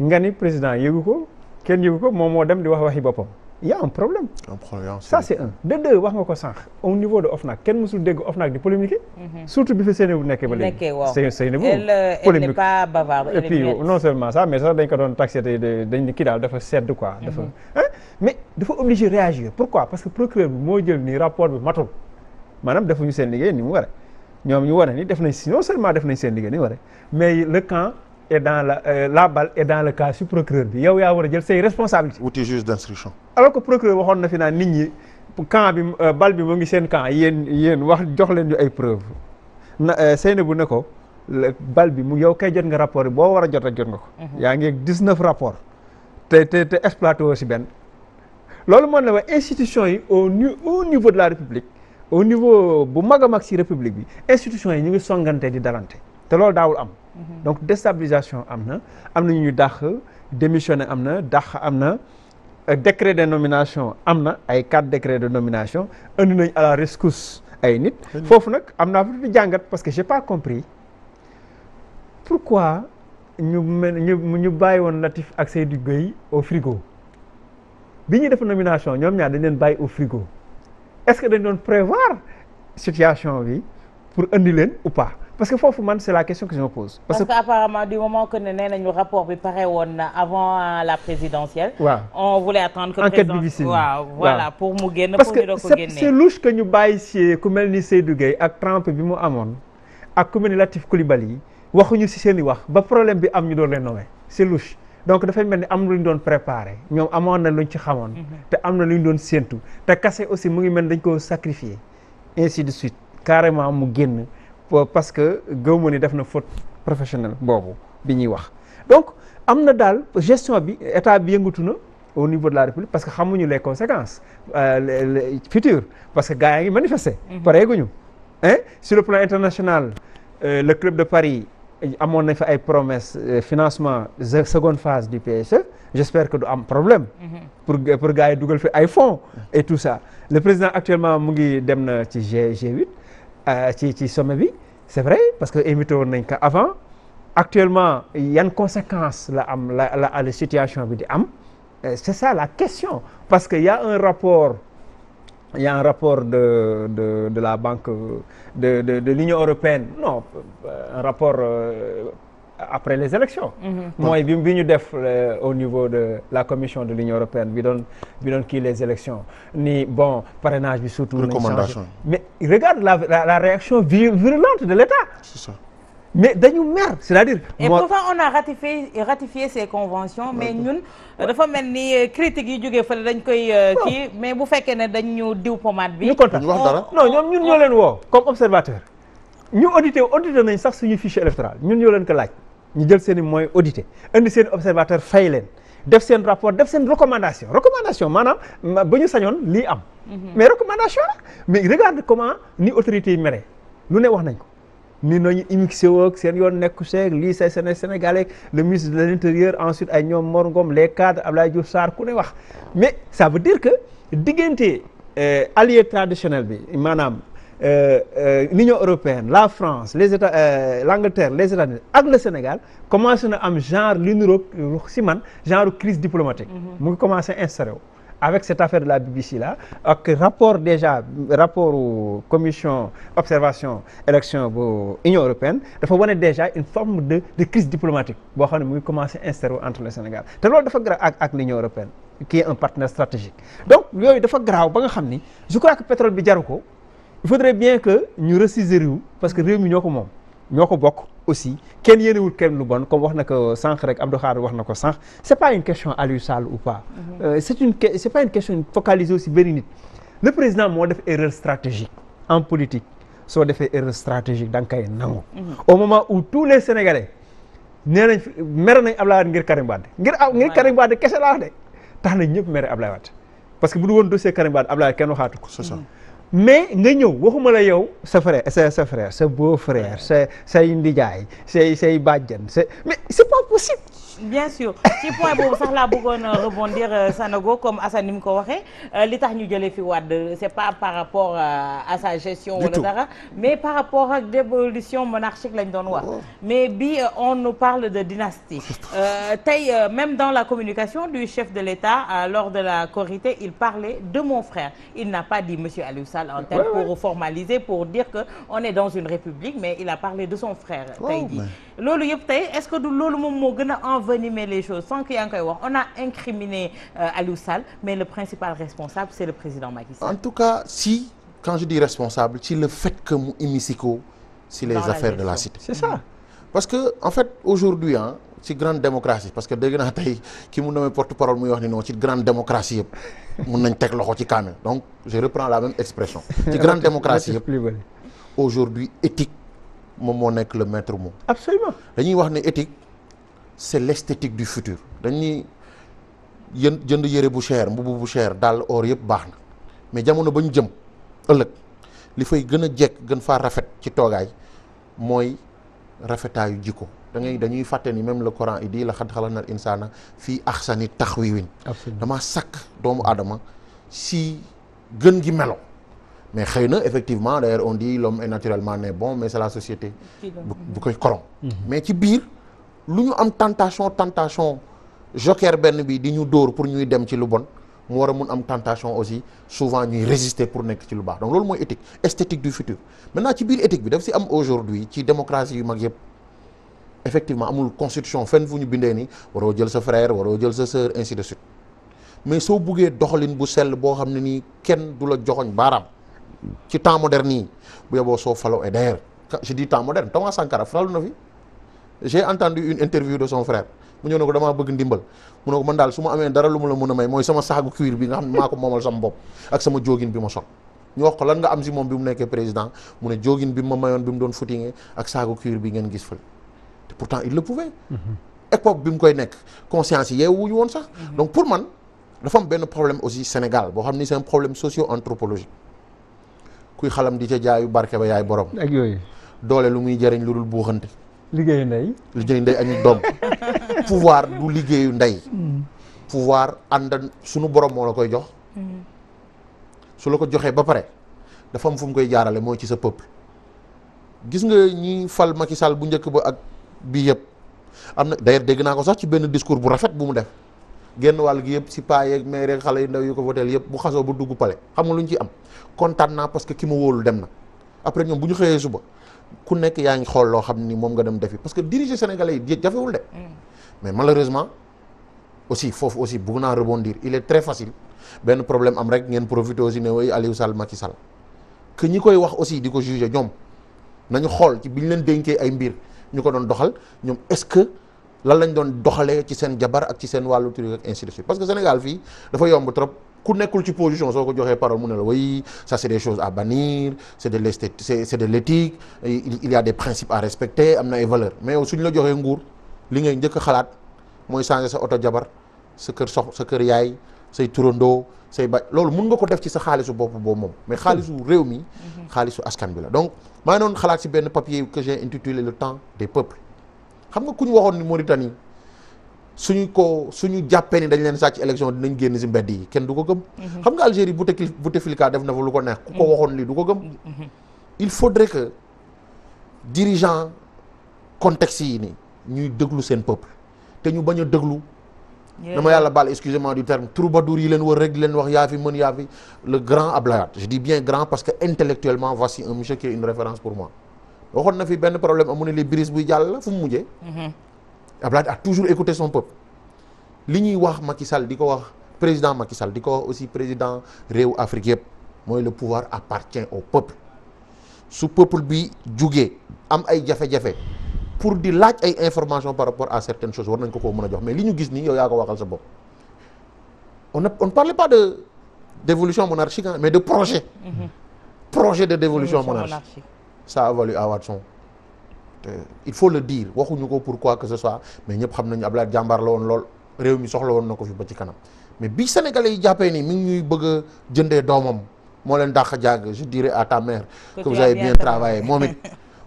nga ni président yëgu ko kenn yëgu ko moom moo dem di wax waxi boppam il y a un problème. un problème ça c' wax nga ko sànq au niveau de OFNAC kenn mësul dégg OFNAC di polémique. Mhm. surtout bi fi Seynabou nekkee ba léegi. nekkee waaw elle euh, n'est non seulement ça mais sax dañ ko doon taxé dañ ni kii daal dafa sedd quoi. Mhm. dafa mais dafa obligé réagir pourquoi parce que procureur bi moo jël ni rapport bi matul maanaam defuñu seen liggéey ni mu waree ñoom ñu waree ni def nañ si non seulement def nañ seen liggéey ni mu mais le camp. est dans la euh, la balle est dans le procureur bi yow yaa war a jël say responsabilités. wuti juge d'instruction. alors que procureur waxoon na fi nit ñi camp bi euh, bal bi mu ngi seen camp yéen yéen wax jox leen ñu ay preuves na euh, Seynabou ne ko bal bi mu yow kay jot nga rapport yi boo war a jot a jot nga ko. Mhm. yaa ngi ak 19 rapports te te te exploité woo si benn. loolu moo ne wa institution yi au au niveau de la république au niveau bu mag a mag si république bi institution yi ñu ngi songante di dalante te loolu daawul am. Mhm. donc déstabilisation am na am na ñu dàq démissionné am na dàq am na euh, décret de nomination am na ay quatre décrets de nomination indi nañ à la rescousse ay nit foofu nag am naa di jàngat parce que j'ai pas compris pourquoi ñu mel ñu ñu bàyyi woon Latif ak Seydou Gueye au frigo bi ñuy def nomination ñoom ñaar dañ leen bàyyi au frigo est-ce que dañ doon prévoir situation bi pour indi leen ou pa parce que foofu man c'est la question que je me pose. que apparemment du moment que nee nañu rapport bi pare woon avant euh, la présidentielle. waaw on voulait attendre que. enquête bi pour mu génn. parce que c'est louche que ñu bàyyi si ku mel ni Seydou Gueye ak Trump bi mu amoon ak ku mel yi waxuñu si seen i wax ba problème bi am ñu doon leen nommer c'est louche. donc dafay mel ni am na lu ñu doon préparé ñoom amoon na lu ñu ci xamoon. Mhm. te am na lu ñu doon séentu. te kase aussi mu ngi mel dañ koo sacrifier ainsi de carrément mu génn. parce que gëw ma ni def na faute professionnelle boobu bi ñuy wax donc am na daal gestion bi état bi yëngatu na au niveau de la république parce que xamuñu les conséquences euh, futures parce que gars yaa ngi manifester. Mhm. pareeguñu hein sur le plan international euh, le club de Paris euh, amoon nañ fa ay promesses financement seconde phase du PSE j'espère que du am problème. Mhm. pour pour gars dugal fi ay fonds et tout ça le président actuellement mu ngi dem na ci G G8. Euh, ci ci sommet bi c'est vrai parce que invité woon nañ ko avant actuellement yan conséquence la am la la la situation bi di am euh, c'est ça la question parce que y un rapport il rapport de de de la banque de de de l'Union européenne non euh, un rapport. après les élections mm-hmm. mooy bi ñu def euh, au niveau de la commission de l'union européenne bi doon bi doon kii les élections ni bon parrainage bi surtout recommandation mais regarde la la, la réaction virulente de l'État c'est ça mais dañu mer c'est-à-dire. et pourtant on a ratifié ratifié ces conventions mais ñun dafa mel ni euh, critiques yi jógee fële dañ koy. Euh, kii mais bu fekkee ne dañ ñu diw pomade bi. ñu kontaan wax dara non ñoom ñun ñoo leen woo. comme observateur ñu audité audité sax suñu fichier électoral ñu jël seen i mooy audité indi seen observateur fay leen def seen rapport def seen recommandation recommandation maanaam ba ñu sañoon lii am. Mhm. mais recommandation la mais regarde comment ni autorités yi mere lu ne wax nañ ko. ni nañu immixé woog seen yoon nekku seeg lii say seen sénégalais le ministre de l' intérieur ensuite ay ñoom Mor le les cadres Abdoulaye Diouf saar ku ne wax mais ça veut dire que diggante euh, allier traditionnel bi maanaam Euh, euh, l'Union européenne la France les États euh, l'Angleterre les États-Unis ak le Sénégal commencé na am genre li niroog si man genre crise diplomatique mhm. mu ngi commencé instauré wu avec cette affaire de la BBC là ak rapport déjà rapport commission observation élection bu Union européenne dafa wane déjà une forme de de crise diplomatique boo xam ne mu ngi commencé instauré entre le Sénégal te loolu dafa grave ak ak l'Union européenne qui est un partenaire stratégique donc yooyu dafa grave ba nga xam ni je crois que pétrole bi jaru ko il faudrait bien que ñu ressaisir wu parce que réew mi ñoo ko moom ñoo ko bokk aussi kenn yéenewul kenn lu bon comme wax na ko sànq rek Abdou Khadre wax na ko sànq c' est pas une question Aliou Sall ou pas mhm. euh, c' est une c' une question focalisée aussi benn nit président moo def erreur stratégique en politique soo defee erreur stratégique da nga koy nangu mhm. au moment où tous les sénégalais nee nañ mere nañ Ablaye ngir Karim Wade ngir ngir Karim Wade kese laa wax de tax nañ ñëpp mere Ablaye Wade parce que bu kenn waxaatu ko mhm. mais nga ñëw waxuma la yow sa frère sa sa frère sa beau frère sa say ndijaay say say bàjjan sa mais c'est pas possible bien sûr ci point boobu sax laa bëggoon euh, rebondir euh, Sanogo comme Assane ni mu ko waxee euh, li ñu jëlee fi Wade c'est pas par rapport à sa gestion wala dara mais par rapport ak dévolution monarchique lañ doon wax oh. mais bi on nous parle de dynastie tey même dans la communication du chef de l'État lors de la Korité il parlait de mon frère il n'a pas dit monsieur Aliou Sall en tête pour formaliser pour dire que on est dans une république mais il a parlé de son frère oh, tey loolu yëpp tey est-ce que du loolu moom moo gën a envenimer les choses sans que yaa ngi koy wax on a incriminé euh, Aliou Sall mais le principal responsable c'est le président Macky Sall. en tout cas si quand je dis responsable ci le fait que mu immiscé ko si les affaires de la cité. c'est ça mmh. parce que en fait aujourd'hui ah ci grande démocratie parce que dégg naa tey ki mu nommé porte-parole muy wax ni non ci grande démocratie yëpp mun nañ teg loxo ci kaamel donc je moom moo nekk le maître mot. dañuy wax ne éthique c' est l' esthétique du futur dañuy yën jënd yëre bu cher mbubu bu cher daal or yëpp baax na mais jamono ba ñu jëm ëllëg li fay gën a jekk gën faa rafet ci toogaay mooy rafetaayu jikko da ngay dañuy fàtte ni même le Coran il dit la xad xalaqnal insaana fii axsani taxwiwin. dama sàkk doomu aadama si gën gi melo. mais xëy na effectivement d'ailleurs on dit l'homme est naturellement né bon mais c'est la société bu koy korom mhm. mais ci biir lu ñu am tentation tentation joker benn bi di ñu dóor pour ñuy dem ci lu bon mu war a mun am tentation aussi souvent ñuy résister pour nekk ci lu baax donc loolu mooy éthique esthétique du futur maintenant ci biir éthique bi daf si am aujourd'hui ci démocratie yu mag yëpp effectivement amul constitution fenn fu ñu bindee nii waroo jël sa frère waroo jël sa sœur ainsi de mais soo buggee doxalin bu sell boo xam ne nii kenn du la joxoñ baaraam ci temps moderne yi bu yeboo soo falo et d'ailleurs je dis temps moderne Thomas Sankara falu na fi j'ai entendu une interview de son frère mu ñëw ne ko dama bëgg ndimbal mu ne ko man daal su ma amee dara lu ma la mën a may mooy sama saagu cuir bi nga xam ne maa ko moomal sama bopp ak sama joogin bi ma sol ñu wax ko nga am si moom bi mu nekkee président mu ne joogin bi ma mayoon bi mu doon footingee ak saagu cuir bi ngeen gis fële te pourtant il le pouvait mm-hmm. époque bi mu koy nekk conscience yi yeewuñu woon sax mm-hmm. donc pour man benn problème aussi Sénégal boo xam ni c'est problème socio anthropologique kuy xalam di ca jaayu barke ba yaay borom. ak yooyu. doole lu muy jëriñ lu dul buuxante. liggéeyu ndey. liggéeyu ndey añu doom pouvoir du liggéeyu ndey. Hmm. pouvoir ànd sunu borom moo la koy jox. Hmm. su la ko joxee ba pare dafa am fu mu koy jaarale mooy ci sa peuple. gis nga ñi fal Macky bu njëkk ba ak bii yëpp am na d'ailleurs dégg naa ko sax ci benn discours bu rafet bu mu def. génn wàll gi yëpp si paa yeeg maire yeeg xale yu ndaw yu ko voteel yëpp bu xasoo bu dugg pale xam nga lu ñu ciy am kontaan naa parce ki ma wóolu dem na après ñoom bu ñu xëyee suba ku nekk yaa ngi xool loo xam ni moom nga dem defi parce que diriger yi jafewul de mm. mais malheureusement aussi foofu aussi bugg naa rebondir il est très facile benn problème am rek ngeen profité aussi ne way Aliou Sall Macky Sall que ñi koy wax aussi di ko juger ñoom nañu xool bi ñu leen dénkee ay mbir lan lañ doon doxalee ci seen jabar ak ci seen wàllu tur ak ainsi de suite parce que Sénégal fii dafa yomb trop ku nekkul ci position soo ko joxee parole mu ne la oui ça c'est des choses à bannir c'est de l'esthétique c'est de l'éthique il y a des principes à respecter am na ay valeurs mais yow suñ la joxee nguur li ngay njëkk a xalaat mooy changer sa oto jabar sa kër sox sa kër yaay say turandoo say ba loolu mun nga ko def ci sa xaalisu bopp boobu moom mais xaalisu réew mi mhm. xaalisu askan bi la donc maa ngi benn papier que j'ai intitulé xam nga ku ñu waxoon ni Mauritanie ñu ko su ñu jàppee ni dañ leen sàcc élection dinañ génn si mbedd yi kenn du ko gëm. Mhm. xam nga Algérie Bouteflika def na fa lu ko neex. ku ko mhm. waxoon lii du ko gëm. Mhm. il faudrait que dirigeant contexte yi nii ñuy déglu seen peuple te ñu bañ a déglu. dama yàlla baal excusez-moi du terme troubadour yi leen wër rek leen wax yaa fi mën yaa fi le grand Ablayat je dis bien grand parce que intellectuellement voici un monsieur pour moi. waxoon na fi benn problème amu ne li brise buy jàll fu mu mujjee. Mhm. Abdoulaye a toujours écouté son peuple. li ñuy wax Macky Sall di ko wax président Macky Sall di ko wax aussi président réew Afrique yëpp mooy le pouvoir appartient au peuple su peuple bi jugee am ay jafe-jafe pour di laaj ay informations par rapport à certaines choses war nañ ko koo mën a jox mais li ñu gis nii yow yaa ko waxal sa bopp on ne on parlait pas de d'évolution monarchique mais de projet. Mhm. projet ça a valu à Watson il faut le dire waxuñu ko pourquoi que ce soit mais ñëpp xam nañu Abdoulaye jàmbaar la woon lool réew mi soxla woon na ko fi ba ci kanam mais bi sénégalais yi jàppee ni mi ngi bëgg a doomam moo leen dàq jàng je à ta mère que vous avez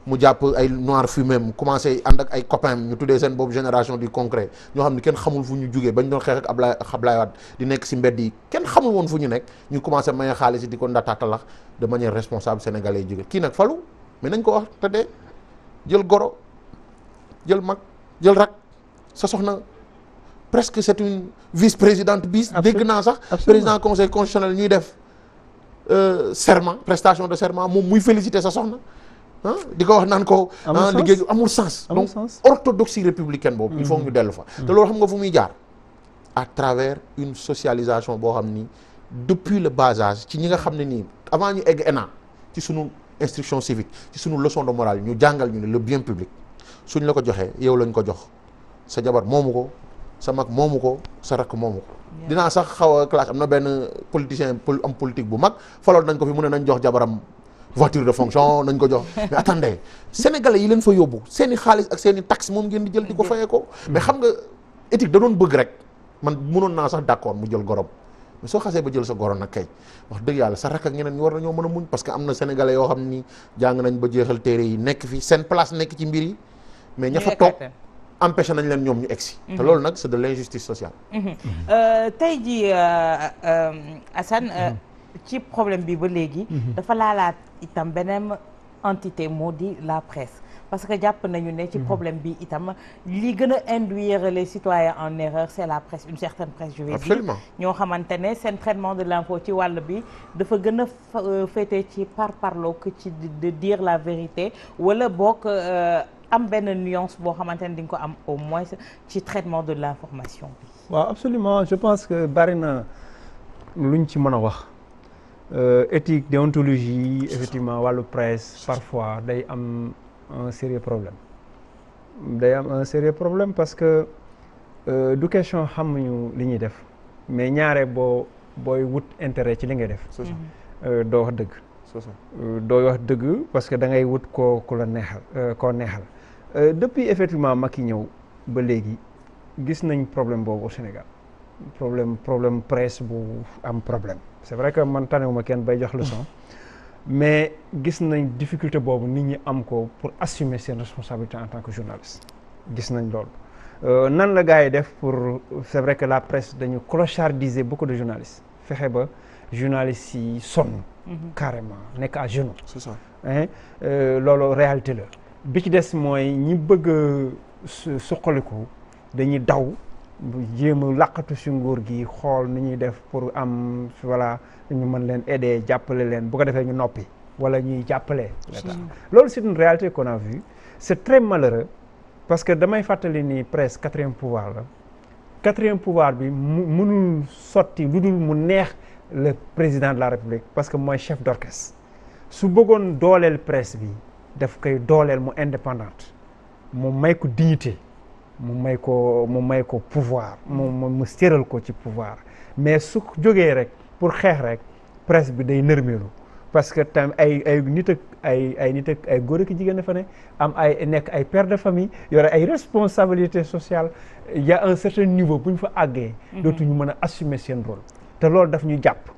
mu jàpp ay noir fumé mu commencé ànd ak ay copains ñu tuddee seen boobu génération du concret ñoo xam ne kenn xamul fu ñu jugee bañ doon xeex ak Ablaye Ablaye Wade di nekk si mbedd yi kenn xamul woon fu ñu nekk ñu commencé maye xaalis di ko ndatatalax de manière responsable sénégalais yi jóge kii nag falu mais nañ ko wax te dee jël goro jël mag jël rak sa soxna presque c'est une vice-présidente bis dégg naa sax président conseil constitutionnel ñuy def euh, serment prestation de serment moom muy féliciter sa soxna ah di ko wax naan ko ah, liggéey amul sens donc orthodoxie républicaine boobu il faut mhm. ñu dellu fa mhm. te loolu xam nga fu muy jaar à travers une socialisation boo xam ni depuis le basage ci ñi nga xam ne nii avant ñu egg ENA ci sunu instruction civique ci suñu leçon de morale ñu jàngal ñu ne le bien public suñ la ko joxee yow lañu ko jox sa jabar moomu ko sa mag moomu ko sa rakk moomu ko dinaa sax xaw a classe am na benn politicien am politique bu mag faloon nañ ko fi mu ne nañ jox jabaram voiture de fonction nañ ko jox mais attendez sénégalais yi leen fa yóbbu seeni i xaalis ak seen i taxe moom ngeen di jël di ko fayee ko mais mm. xam nga éthique da doon bëgg rek man mënoon naa sax d'accord mu jël gorom mais soo xasee ba jël sa goro nag kay wax dëgg yàlla sa rakk ak ñu war nañoo mën a muñ parce que am na sénégalais yoo xam ni jàng nañ ba jeexal téere yi nekk fi seen place nekk ci mbir yi mais ña fa toog empêché nañ leen ñoom ñu egsi te mhm. loolu nag c'est de l'injustice sociale mhm. euh, tey jii euh, euh, Assane mhm. ci problème bi ba léegi dafa laalaat itam beneen entité moo di la presse parce que jàpp nañu ne ci mhm. problème bi itam li gën a induire les citoyens en erreur c'est la presse une certaine presse je vais dire ñoo xamante ne seen traitement de l'info ci wàll bi dafa gën a euh, féete ci par parlo que ci de dire la vérité wala bokk euh, am benn nuance boo xamante ne di nga ko am au moins ci traitement de l'information bi waaw absolument je pense que bari na luñ ci mën a wax euh, éthique déontologie effectivement wàllu presse parfois day am un sérieux problème day am un sérieux problème parce que euh, du question xam xamuñu li ñuy def mais ñaare boo booy wut intérêt ci li ngay def euh, doo wax dëgg euh, dooy wax dëgg parce que da ngay wut ko ku la neexal ko neexal depuis effectivement yi ñëw ba léegi gis nañ problème boobu Sénégal problème problème presse bu am problème c'est vrai que man tanewuma kenn bay jox le leçon mais gis nañ difficulté boobu nit ñi am ko pour assumer seen responsabilité en tant que journaliste gis nañ loolu euh, nan la gars yi def pour c'est vrai que la presse dañu clochardiser beaucoup de journalistes fexe ba journalistes yi sonn mhm. carrément nekk à genoux c'est ça euh, loolu réalité la bi ci des mooy ñi bëgg suqaliku dañuy daw jéem a laqatu nguur gi xool nu ñuy def pour am voilà ñu mën leen aider jàppale leen bu ko defee ñu noppi wala ñuy jàppale loolu c'est une réalité qu'on a vu c'est très malheureux parce que damay fàttali ni presse quatrième pouvoir la quatrième pouvoir bi mu mënul sotti lu dul mu neex le président de la république parce que mooy chef d'orchestre su bëggoon dooleel presse bi daf koy dooleel mu indépendante mu may ko dignité mu may ko mu may ko pouvoir mu mu séral ko ci pouvoir mais su jógee rek pour xeex rek presse bi day nërmeelu parce que tam ay ay nit ay ay nit ay góor ak jigéen dafa ne am ay nekk ay père de famille yore ay responsabilité sociale y a un certain niveau bu ñu fa àggee mhm. dootuñu mën a assumer seen rôle te loolu daf ñu jàpp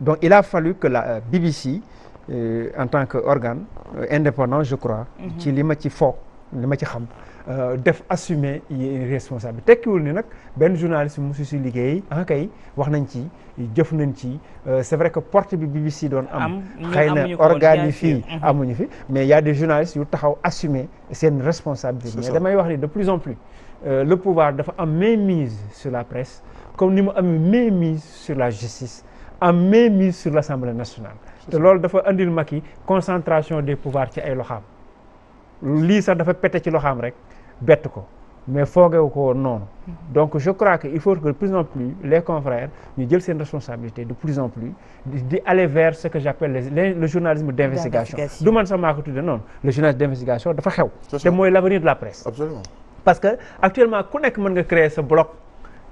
donc il a fallu que la euh, BBC euh, en tant que organe euh, indépendant je crois mhm. ci li ci foog li ma ci xam euh, def assumer yenn responsabilité tekkiwul ni nag benn journaliste mosu si liggéey ah kay wax nañ ci jëf nañ ci euh, c'est vrai que porte bi BBC doon am xëy na organe yi fii mhm. amuñu fi mais y a des journalistes yu taxaw assumer seen responsabilité mais damay wax ni de plus en plus euh, le pouvoir dafa am mainmise sur la presse comme ni mu am amee mainmise sur la justice am mainmise sur la l'Assemblée nationale te loolu dafa mag yi concentration des pouvoirs ci ay loxaam lii sax dafa pete ci loxaam rek bett ko mais foogewu ko woon noonu mhm. donc je crois que il faut que de plus en plus les confrères ñu jël seen responsabilité de plus en plus di aller vers ce que j'appelle les le journalisme d'investigation du man sax maa tudde noonu le journalisme d'investigation dafa xew te mooy l'avenir de la presse parce que actuellement ku nekk mën nga créer sa blog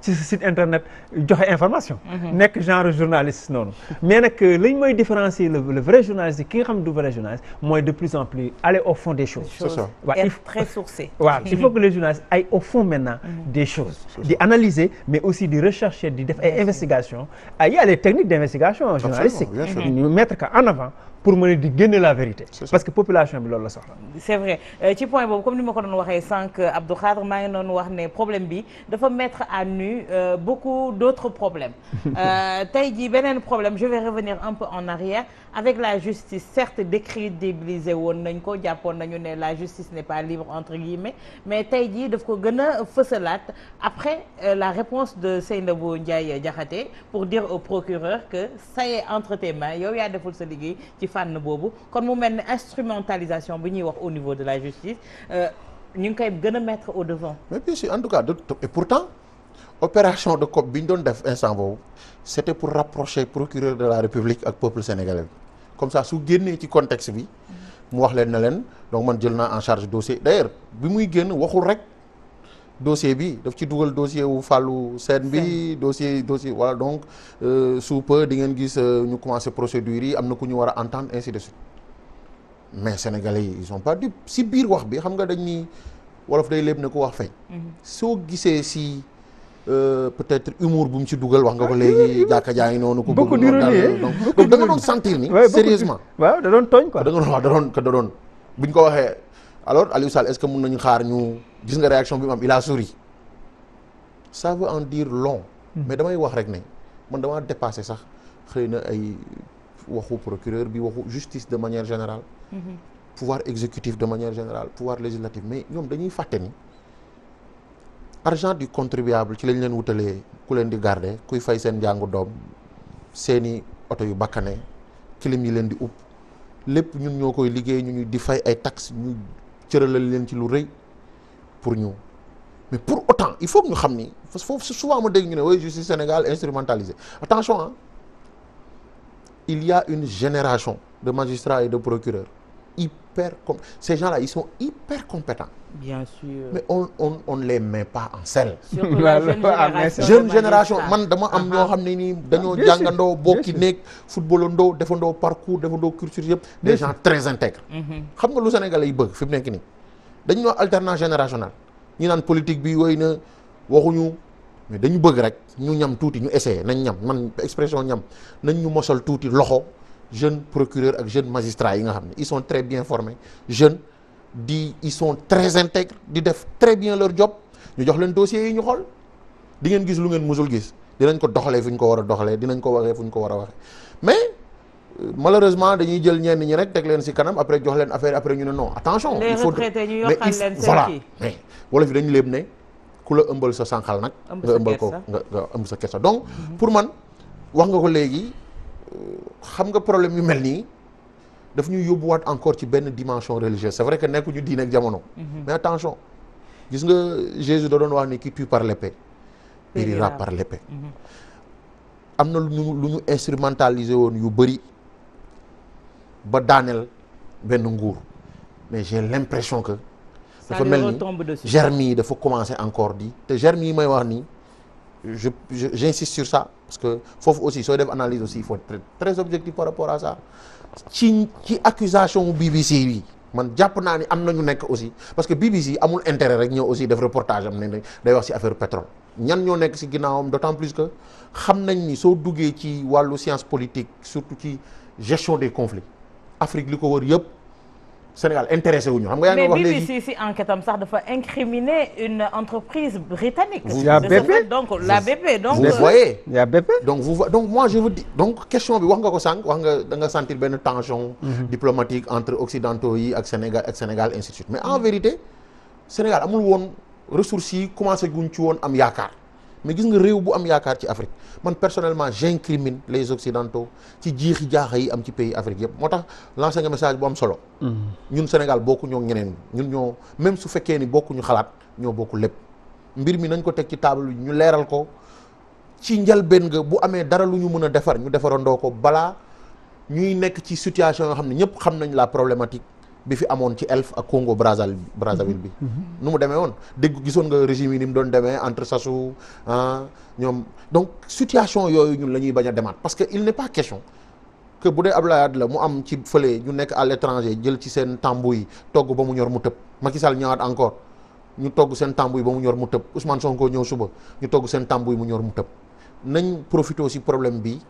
ci site internet joxe information. Mhm. nekk genre journaliste noonu. mais nag euh, lañ mooy différencier le le vrai journaliste ki nga xam du vrai journaliste mooy de plus en plus aller au fond des choses. c'est ça waaw être très il faut que les journalistes aillent au fond maintenant mhm. des choses. di analyser mais aussi di rechercher di def ay investigations. Ah, il a les techniques d'investigation journalistique ñu mhm. mettre ko en avant. pour mën a di génne la vérité. parce que population bi loolu la soxla. c'est vrai euh, ci point boobu comme ni ma ko doon waxee sànq Abdou Khadre maa ngi doon wax ne problème bi dafa mettre à nu euh, beaucoup d'autres problèmes euh, tey jii beneen problème je vais revenir un peu en arrière. avec la justice certes décrédibilisé woon nañ ko jàppoon nañu ne la justice n'est pas libre entre guillemets mais tey jii daf ko gën a fësalaat après euh, la réponse de Seynabou Ndiaye Diakhaté pour dire au procureur que ça y entre tes mains yow yaa deful sa liggéey ci fànn boobu kon mu mel ne instrumentalisation bi ñuy wax au niveau de la justice euh, ñu ngi koy gën a mettre au devant. mais bien sûr en tout cas de et pourtant opération de COP bi ñu doon def instant boobu c'était pour rapprocher procureur de la République ak peuple sénégalais comme ça su génnee ci contexte bi mu wax leen na leen donc man jël naa en charge dossier d'ailleurs bi muy génn waxul rek dossier bi daf ci dugal dossier wu fàllu seen bi dossier dossier voilà donc euh, sous peu di ngeen gis euh, ñu commencé procédure yi am na ku ñu war a entendre ainsi de mais sénégalais yi ils si biir wax bi xam nga dañ ni wolof day lépp ne ko wax feeñ mhm. soo gisee si Euh, peut-être humour bu mu ci dugal wax nga ko ah, léegi jàkka jaa ngi noonu. ko bëgg noonu daal eh. donc da doon sentir ni. sérieusement waaw da doon tooñ quoi. da nga doon wax da doon buñ ko waxee alors Aliou Sall est-ce que mun nañu xaar ñu gis nga réaction bi mu am il a souri ça veut long. Hmm. mais damay wax rek ne man damaa dépassé sax xëy na ay waxu procureur bi waxu justice de manière générale. Hmm, hmm. pouvoir exécutif de manière générale pouvoir législatif mais ñoom dañuy fàtte argent du contribuable ci lañ leen wutalee ku leen di garder kuy fay seen njàngu doom seeni oto yu bakkane kilim yi leen di upp lépp ñun ñoo koy liggéey ñu ñu di fay ay taxes ñu cëralal leen ci lu rëy pour ñu mais pour autant il faut que ñu xam ni foofu souvent ma dégg ñu ne oui justice Sénégal instrumentalisée attention ah il y une génération de magistrats et de procureur hyper ces gens-là ils sont compétents. mais on on on les met pas en selle. surtout la jeune ah, génération man dama am ñoo ah, ah. xam ne nii dañoo jàngandoo bokki nekk footballandoo defandoo parcours defandoo culture yëpp. des gens très intègres. Mhm. xam nga lu Sénégalais yi bëgg fi mu nekk nii dañu ñoo alternance générationnelle ñu naan politique bi yooyu na waxuñu. mais dañu bëgg rek ñu ñam tuuti ñu essayer nañ ñam man expression ñam nañ ñu mosal tuuti loxo jeunes procureurs ak jeunes magistrats yi nga xam ne ils sont très bien formés jeunes di ils sont très intègres di def très bien leur job ñu jox leen dossiers yi ñu xool di ngeen gis lu ngeen musul gis dinañ ko doxalee fu ñu ko war a doxalee dinañ ko waxee fu ñu ko war a waxee mais euh, malheureusement dañuy jël ñenn ñi rek teg leen si kanam après jox leen affaire après ñu ne non attention. il faut mais il yi dañu léeb ne ku la ëmbal sa sànqal nag. nga ëmbal ko nga ëmb sa kersa donc mhm. pour man wax nga ko léegi. xam nga problème yu mel nii daf ñuy yóbbuwaat encore ci benn dimension religieuse c'est vrai que nekkuñu diine ak jamono. Mhm. mais attention gis nga Jésus da doon wax ni qui tue par l'épée périra par l'épée mhm. am na lu ñu lu ñu instrumentaliser woon yu bëri ba daaneel benn nguur mais j'ai l'impression que dafa mel ni germe yi dafa commencer encore di te germe yi may wax nii je j'insiste sur ça parce que foofu aussi sooy def analyse aussi il faut être très objectif par rapport à ça ci ci accusation BBC yi man jàpp naa ni am nañu nekk aussi parce que BBC amul intérêt rek ñëw aussi def reportage am ne day wax ci affaire pétrole ñan ñoo nekk ci ginnaawam d'autant plus que xam nañ ni soo duggee ci wàllu science politique surtout ci gestion des conflits Afrique li ko wër yëpp Sénégal intéressé wu ñu xam nga yaa ngi wax léegi mais BBC si enquête sax dafa incriminer une entreprise britannique. Euh, y a BP donc la BP donc. vous voyez donc vous donc moi je vous dis donc question bi wax nga ko sànq wax nga danga sentir benn tension. Mhm. diplomatique entre occidentaux yi ak Sénégal ak Sénégal ainsi mais en vérité Sénégal amul woon ressources yi commencé guñ ci woon am yaakaar. mais gis nga réew bu am yaakaar ci Afrique man personnellement j'incrimine les occidentaux ci jiixi jaaxa yi am ci pays Afrique yëpp moo tax lancé nga message bu am solo. Mm-hmm. ñun Sénégal bokkuñoo ñeneen ñun ñoo même su fekkee ni bokkuñu xalaat ñoo bokku lépp mbir mi nañ ko teg ci table bi ñu leeral ko ci njalbeen nga bu amee dara lu ñu mën a defar ñu defarandoo ko balaa ñuy nekk ci situation yoo xam ne ñëpp xam nañ la problématique. bi fi amoon ci Elf ak Congo Brazzaville Brazzaville bi. Mhm. Mhm. nu mu demee woon dégg gisoon nga régime yi ni mu doon demee entre Sassou ah ñoom donc situation yooyu ñun la ñuy bañ a demaat parce que il n'est pas question que bu dee Abdoulaye Wade la mu am ci fële ñu nekk à l'étranger jël ci seen tambu yi togg ba mu ñor mu tëb Macky Sall ñëwaat encore ñu togg seen tambu yi ba mu ñor mu tëb Ousmane Sonko ñëw suba ñu togg seen tambu yi mu ñor mu tëb nañ profité aussi problème bi.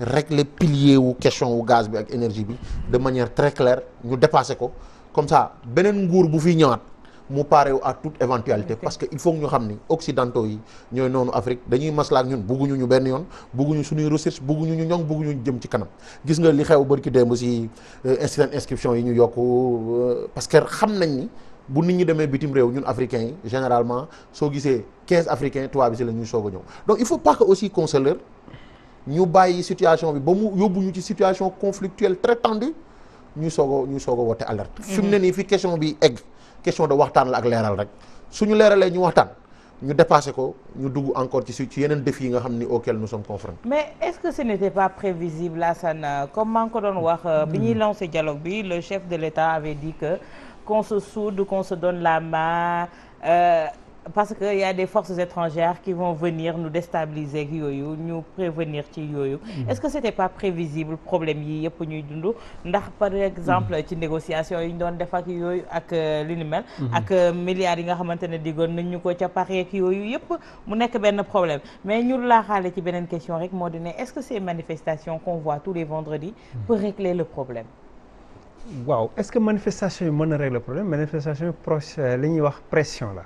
régler pilier wu question wu gaz bi ak énergie bi de manière très claire ñu dépasser ko comme ça beneen nguur bu fi ñëwaat mu pare wu tout toute éventualité parce que il faut ñu xam ni occidentaux yi ñooy noonu Afrique dañuy maslaak ñun bugguñu ñu benn yoon bugguñu suñuy ressources bugguñu ñu ñoŋ bugguñu ñu jëm ci kanam gis nga li xew bërki démb si euh, seen inscription yi ñu yokk euh, parce que xam nañ ni bu nit ñi demee bitim réew ñun africains yi généralement soo gisee 15 africains tubaab bi si ñuy soog ñëw donc ñu bàyyi situation bi ba mu yóbbu ñu ci situation conflictuelle très tendue ñu soog ñu soog a woote alerte. Mm-hmm. fi mu ne nii fi question bi egg question de waxtaan la ak leeral rek suñu leeralee ñu waxtaan ñu dépassé ko ñu dugg encore ci ci yeneen défis yi nga xam ni auquel nous sommes confrontés. mais est-ce que ce n'était pas prévisible Assane comme maa ngi ko doon wax. Euh, bi ñuy mm. lancé dialogue bi le chef de l'État avait dit que qu'on se soude qu'on se donne la ma parce que y a des forces étrangères qui vont venir nous déstabiliser ak yooyu ñu prévenir ci yooyu. Mm-hmm. est-ce que c'était pas prévisible problème yi yëpp ñuy dund. ndax par exemple mm-hmm. ci négociation yi ñu doon def ak yooyu ak euh, li ni mel. Mm-hmm. ak euh, milliards yi nga xamante ne diggoon nañ ñu ko ca Paris ak yooyu yëpp mu nekk benn problème mais ñu laaxaale ci beneen question rek moo di ne est-ce que ces manifestations qu'on voit tous les vendredis peut le problème. waaw est-ce que manifestation yi mën na régler le problème manifestation euh, li ñuy wax pression la.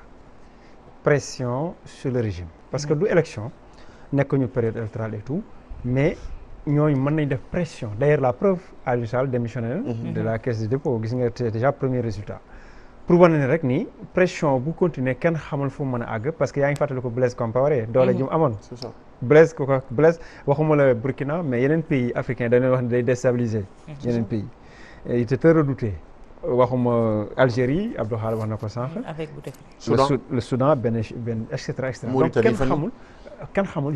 pression sur le régime parce que mm-hmm. du élection nekkuñu période électorale et mais ñooñu mën nañ def pression d'ailleurs la preuve Aliou mm-hmm. de la caisse de dépôt gis nga déjà premier résultat pour wane ne rek ni pression bu continuer kenn xamul fu mu mën a àgg parce que yaa ngi fàttali ko Blaise Compaoré doole mm-hmm. ji amoon Blaise waxuma la Burkina mais yeneen pays africain dañuy wax ne day déstabiliser yeneen pays il était très redouté waxuma Algérie Abdou Khale wax na ko sànq. avec Bouteflika le benn benn et cetera et cetera. donc kenn xamul kenn xamul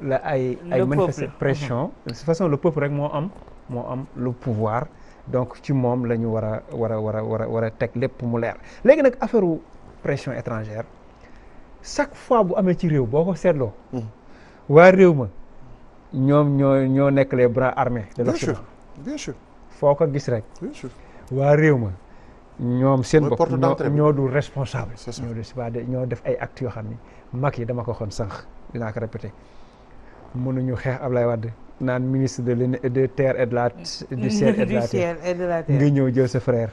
la ay ay manifeste pression de toute façon le peuple rek moo am moo am le pouvoir donc ci moom la ñu war a war a war a war a war a teg lépp mu leer léegi nag affaire pression étrangère chaque fois bu amee ci réew boo ko seetloo hmm. waa réew ma ñoom ñoo ñoo nekk les bras armés de l'Occident bien foo ko gis rek waa réew ma ñoom seen bopp ñoo du responsable ñoo du si waa ñoo def ay actes yoo xam ni mag yi dama ko xoon sànq dinaa ko répété mënuñu xeex ab Ablaye Wade naan ministre de l' de terre et de la du ciel et de la terre nga ñëw jël sa frère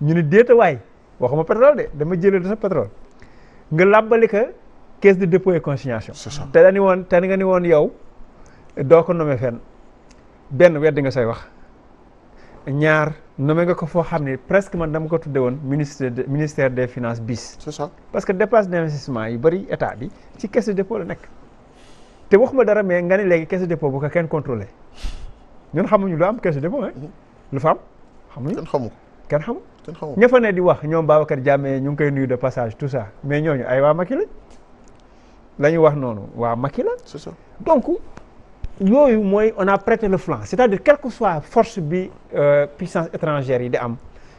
ñu ne déeta waay waxuma pétrole de dama jëlee sa pétrole nga làbbali ka caisse de dépôt et consignation te dañu woon te nga ni woon yow doo ko nommé fenn benn weddi nga say wax ñaar nommé nga ko foo xam ne presque man dama ko tudde woon ministère de ministère des finance bis. c'est parce que dépense d'investissement yu bëri état bi ci caisse de dépôt la nekk. te waxuma dara mais nga ne léegi caisse de dépôt bu ko kenn contrôlé ñun xamuñu lu am caisse de dépôt rek. Mm-hmm. lu fa am xamuñu. kenn xamu kenn xamu. kenn xamu ña fa ne di wax ñoom Babacar Diame ñu ngi koy nuyu de passage tout ça mais ñooñu ay waa Macky lañ la wax noonu waa Macky la. c'est yooyu mooy on a prêté le flanc c'est-à-dire quelle que soit force bi euh, puissance étrangère yi di am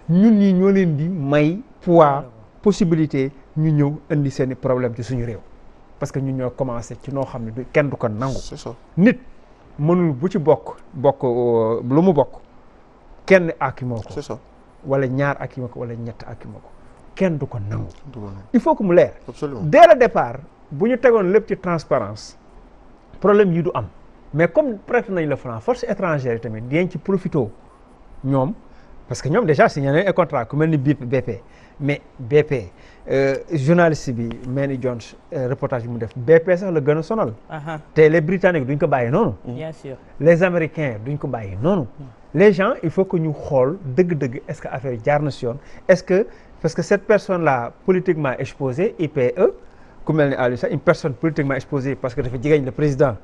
ñun ñi ñoo leen di may poids possibilité ñu ñëw indi seeni problème ci suñu réew parce que ñu ñoo commencé ci noo xam ne kenn du ko nangu nit mënul bu ci bokk bokk euh, lu mu bokk kenn akimoo ko wala ñaar akimoo ko wala ñett akimoo ko kenn du ko nangu il faut que mu leer de le départ bu ñu tegoon lépp ci transparence problème yi du am mais comme prêté nañ la franc force étrangère yi tamit dinañ ci profito ñoom parce que ñoom déjà si nañ ay contrat ku mel ni BIP BP mais BP euh, journaliste bi Manny Jones euh, reportage bi mu def BP sax la gën a sonal. te les britanniques duñ ko bàyyi noonu. Mm. bien sûr les américains duñ ko bàyyi noonu. Mm. les gens il faut que ñu xool dëgg-dëgg est-ce que affaire jaar na si yoon est-ce que parce que cette personne là politiquement exposée IPE ku mel ni Aliou sax une personne politiquement exposée parce que dafa jigéen président.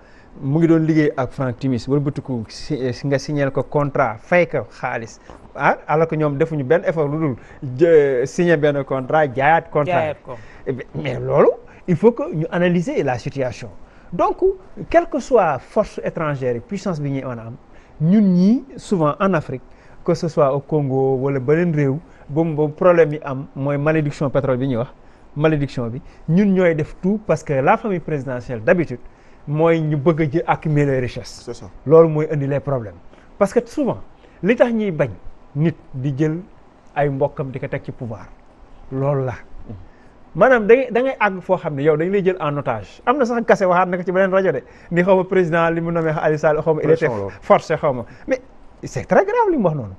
mu ngi doon liggéey ak Franck Timis wala bëtuku eh, nga signal ko contra fay ko xaalis ah alors que ñoom defuñu benn effort lu dul signer benn contrat jaayaat contrat eh mais loolu il faut que ñu analyser la situation donc quelle que soit force étrangère puissance bi ñuy on am ñun ñii souvent en Afrique que ce soit au Congo wala beneen réew boobu problème yi am mooy malédiction pétrole bi ñuy wax malédiction bi ñun ñooy def tout parce que la famille présidentielle d'habitude mooy ñu bëgg a jël accumuler richesse. c'est ça loolu mooy indi les problèmes parce que souvent li tax ñuy bañ nit di jël ay mbokkam di ko teg ci pouvoir loolu la. maanaam da ngay da foo xam ne yow dañ lay jël en otage am na sax kase waxaat na ko ci beneen rajo de ni xaw ma président li mu nommé Aliou Sall xaw ma il était forcé xaw ma mais c' est grave li mu wax noonu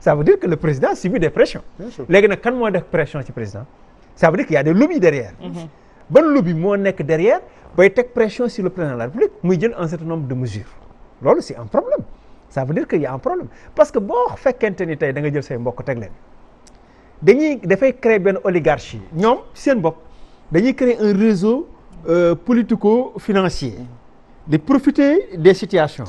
ça veut dire que le président subit des pressions léegi nag kan moo def pression ci président ça veut dire qu'il y ban lobby moo nekk derrière bay teg pression sur le président de la République muy jël un certain nombre de mesures loolu c'est un problème ça veut dire que y un problème parce que boo fekkente ni tey da nga jël say mbokk teg leen dañuy dafay créer benn oligarchie ñoom seen bopp dañuy créer un réseau euh, politico-financier de profiter des situations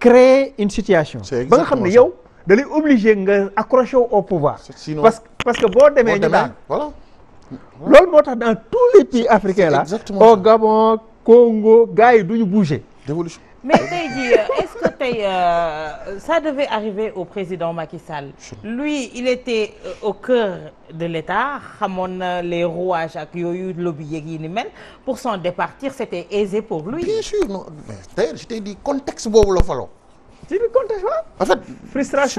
créer une situation ba nga xam ne yow da lay obligé nga accrocher au pouvoir parce que parce que boo demee ñu daal voilà loolu moo tax dans tous les pays africains là au Gabon Congo gars yi duñu bouger dévolution mais tey jii est-ce que tey euh, ça devait arriver au président Macky Sall lui il était euh, au cœur de l'État xamoon na les rouages ak yooyu lobby yeeg yi ni mel pour s'en départir c'était aisé pour lui bien sûr non d'ailleurs je t'ai dit contexte boobu la faloo ci bi contexte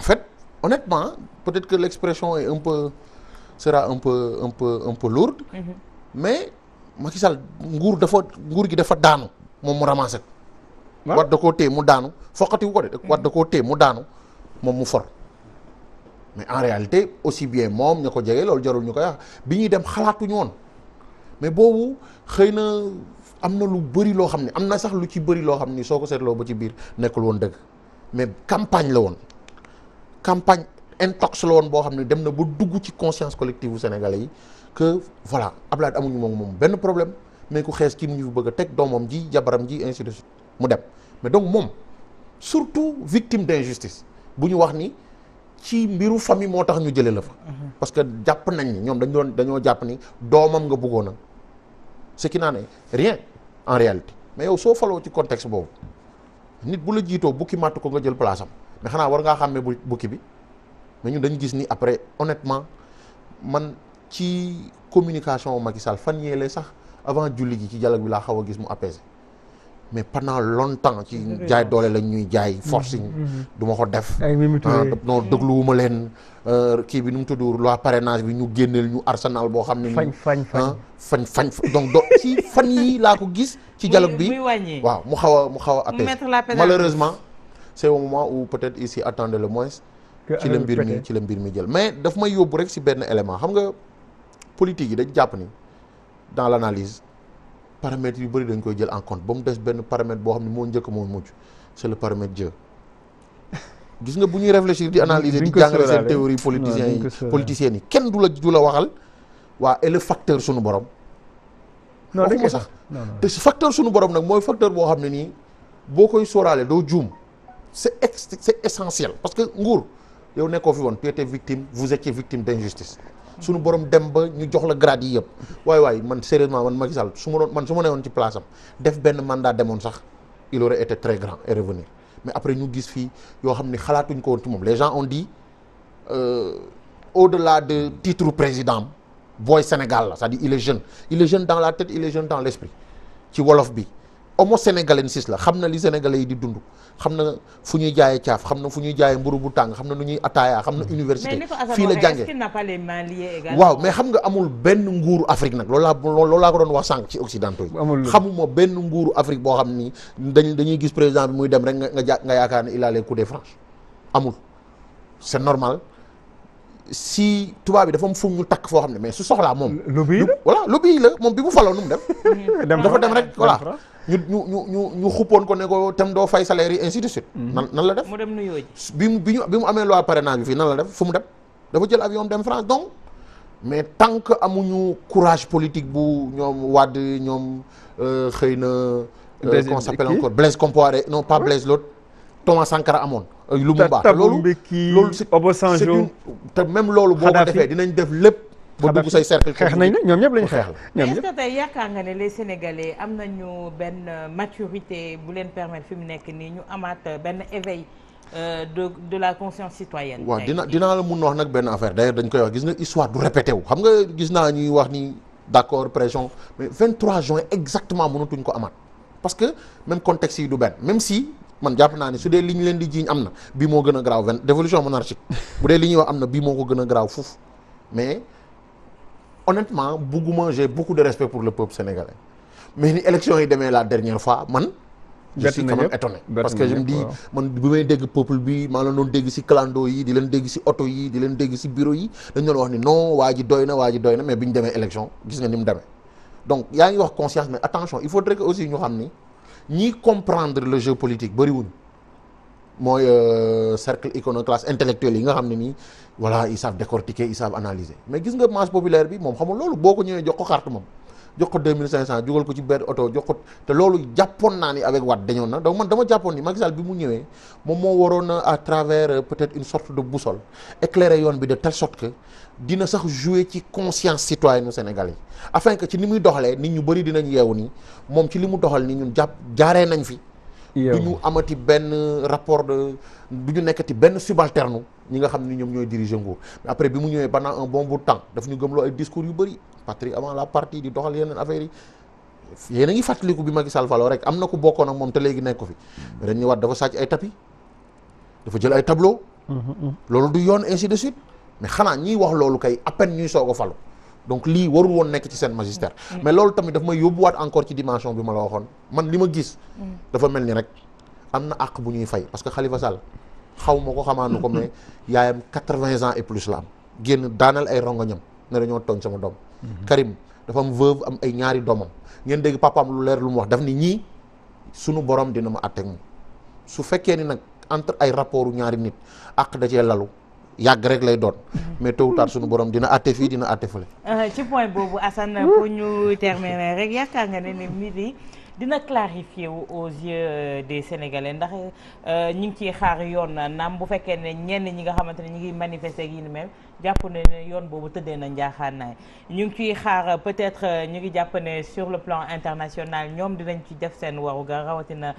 en fait honnêtement peut-être que l'expression est un peu sera un peu un peu un peu lourde. Mhm. mais Macky nguur dafa nguur gi dafa daanu moom mu ramassé ko. waaw war da koo téye mu daanu foqatiwu ko de. Mhm. war da koo téye mu daanu moom mu for. mais en réalité aussi bien moom ña ko jege loolu jarul ñu ko yàq bi ñuy dem xalaatuñu woon mais boobu xëy na am na lu bëri loo xam ne am na sax lu ci bëri loo xam ni soo ko seetloo ba ci biir nekkul woon dëgg mais campagne la woon campagne. intox la boo xam ne dem na ba dugg ci conscience collective bu sénégalais yi que voilà Ablaye amuñu moom moom benn problème mais ku xees kii mu ñu bëgg teg doomam ji jabaram ji ainsi de suite mu dem mais donc moom surtout victime d'injustice bu ñu wax ni ci mbiru famille moo tax ñu jëlee la fa. Mhm. parce que jàpp nañ ni ñoom dañ dañoo jàpp ni doomam nga bëggoon a ce qui n'en est rien en réalité mais yow soo faloo ci contexte boobu nit bu la jiitoo bukki màtt ko nga jël place xanaa war ngaa xàmmee bu bukki bi. mais ñun dañu gis ni après honnêtement man ci communication Macky Sall fan yéele sax avant julli gi ci dialogue bi laa xaw a gis mu apaisé mais pendant longtemps ci jaay doole lañ ñuy jaay mm-hmm. forcing mm-hmm. duma ko def ah, non mm-hmm. dégluwuma leen euh, kii bi nu mu tudd loi parrainage bi ñu génneel ñu arsenal boo xam ne fañ ah, fañ fañ fañ donc do ci fan yi laa ko gis ci dialogue bi waaw mu xaw a mu xaw a apaisé malheureusement c'est au moment où peut-être ici attendait le moins ci la mbir mi ci la mbir mi jël mais daf may yóbbu rek si benn élément xam nga politique yi dañ jàpp ni dans l' analyse paramètres yu bari dañ koy jël en compte ba mu des benn paramètre boo xam ne moo njëkk moo mujj c' le paramètre Dieu gis nga bu ñuy réfléchir di analyser di jàngale seen théorie politiciens yi politiciens yi kenn du la du waxal waa et le facteur suñu borom waxuma sax te facteur suñu borom nag mooy facteur boo xam ne nii boo koy soraale doo juum c' est ex c' essentiel parce que nguur yow nekkoo fi woon tu étais victime vous étiez victime d'injustice suñu borom dem ba ñu jox la grade yi yëpp waaye waaye man sérieusement man Macky Sall su ma doon man su ma newoon ci place am def benn mandat demoon sax il aurait été très grand et revenir mais après ñu gis fii yoo xam ni xalaatuñ ko woon ci moom les gens ont au de au de titre président booy Sénégal la c'est-à-dire il est jeune il est jeune dans la tête il est jeune dans l'esprit ci wolof bi homo sénégalensis la xam na li sénégalais yi di dund xam na fu ñuy jaayee caaf xam na fu ñuy jaayee mburu bu tàng xam na nu ñuy ataaya xam na mm. université fii la jànge waaw mais xam nga amul benn nguuru Afrique nag loolu laa loolu laa ko doon wax sànq ci occidentaux yi xamuma benn nguuru Afrique boo xam ni dañ dañuy gis président bi muy dem rek nga nga yaakaar ne il a les coups de France amul c'est normal si tubaab bi dafa am fu ñu takk foo xam ne mais su soxlaa moom. lu lobby la voilà lobby la moom bi mu faloon nu mu dem. dafa dem rek voilà. ñu ñu ñu ñu ñu xuppoon ko ne ko tam doo fay salaire yi ainsi de suite. Mm-hmm. nan nan la def mu dem nuyoo ji. bi mu bi bi mu amee loi parrainage bi fii nan la def fu mu dem dafa jël avion dem France donc mais tant que amuñu courage politique bu ñoom Wade ñoom euh, xëy na. Euh, Blaise comment s'appelle encore Blaise Compaoré non pas Blaise l'autre Thomas Sankara amoon. lu mu baax loolu loolu c'est une te même loolu boo ko defee dinañ def lépp ba dugg say cercle xeex nañ ne ñoom ñëpp lañ xeex la est-ce que tey yaakaar nga ne les sénégalais am nañu benn maturité leen permettre fi mu nekk nii ñu amaat benn éveil euh, de de la conscience citoyenne. waaw dina dinaa la mun wax nag benn affaire d'ailleurs dañ koy wax gis nga histoire du répété wu xam nga gis naa ñuy wax ni d'accord pression mais 23 juin exactement mënatuñ ko amaat parce que même contexte yi du benn même si man jàpp naa ne su dee li ñu leen di jiiñ am na bii moo gën a garaaw vingt dévolution monarchique bu dee li ñuy wax am na bii moo ko gën a garaaw foofu mais honnêtement bugguma j'ai beaucoup de respect pour le peuple sénégalais mais ni élection yi demee la dernière fois man je suis quand même parce que je me man bi may dégg peuple bi maa leen doon dégg si kalando yi di leen dégg si oto yi di leen dégg si bureau yi dañ doon wax ni non waa ji doy na waa ji doy na mais bi ñu demee élection gis nga ni mu demee donc yaa wax conscience mais attention il faudrait aussi ñu xam ni ñiy comprendre le jeu politique bëriwuñ mooy euh, cercle iconoclaste intellectuel yi nga xam ne nii voilà ils savent décortiquer ils savent analyser mais gis nga masse populaire bi moom xamul loolu boo ko ñëwee jox ko carte moom jox ko 2500 jugal ko ci benn oto jox ko te loolu jàppoon naa ni avec Wade dañoon na donc man dama jàppoon ni Macky Sall bi mu ñëwee moom moo waroon à travers euh, peut-être une sorte de boussole éclairer yoon bi de telle sorte que dina sax jouer ci conscience citoyenne nu Sénégal yi afin que ci ni muy doxalee nit ñu bëri dinañ yeewu nii moom ci li mu doxal ni ñun jàpp jaaree nañ fi. du ñu amati benn euh, rapport de du ñu nekkati benn subalterne ñi nga xam ni ñoom ñooy diriger nguur après bi mu ñëwee pendant un bon bout de daf ñu gëmloo ay discours yu bëri. patrie avant la partie di doxal yeneen affaire yi ngi fàttaliku bi Macky Sall faloo rek am na ku bokkoon ak moom te léegi nekk ko fi mais dañ ñu waat dafa sàcc ay tapis dafa jël ay tableau loolu du yoon ainsi de suite mais xanaa ñiy wax loolu kay à peine ñuy soog falu donc lii warul woon nekk ci seen magistère mm. mais loolu tamit dafa may yóbbuwaat encore ci dimension bi ma la waxoon man li ma gis mm. dafa mel ni rek am na àq bu ñuy fay parce que Khalifa sa xaw ma ko xamaanu ko mais yaayam quatre-vingts ans et plus la am génn ay rongoñam ne dañoo tooñ sama doom Karim dafa am veuve am ay ñaari doomam ngeen dégg papaam lu leer lu mu wax daf ni ñii sunu borom dina ma àtteeg moom su fekkee ni nag entre ay rapportu ñaari nit ak da cee lalu yàgg rek lay doon mais tôt ou tard sunu borom dina àtte fii dina àtte fële. Euh, ci point boobu Assane pour ñu terminer rek yaakaar nga ne ne midi dina clarifier wu aux yeux euh, de sénégalais ndax euh, ñu ngi ciy xaar yoon naam bu fekkee ne ñenn ñi nga xamante ne ñu ngi manifester ak yi ni même jàpp ne yoon boobu tëddee na njaaxaanaay ñu ngi ciy xaar euh, peut-être ñu ngi jàpp ne sur le plan international ñoom dinañ ci def seen warugar rawatina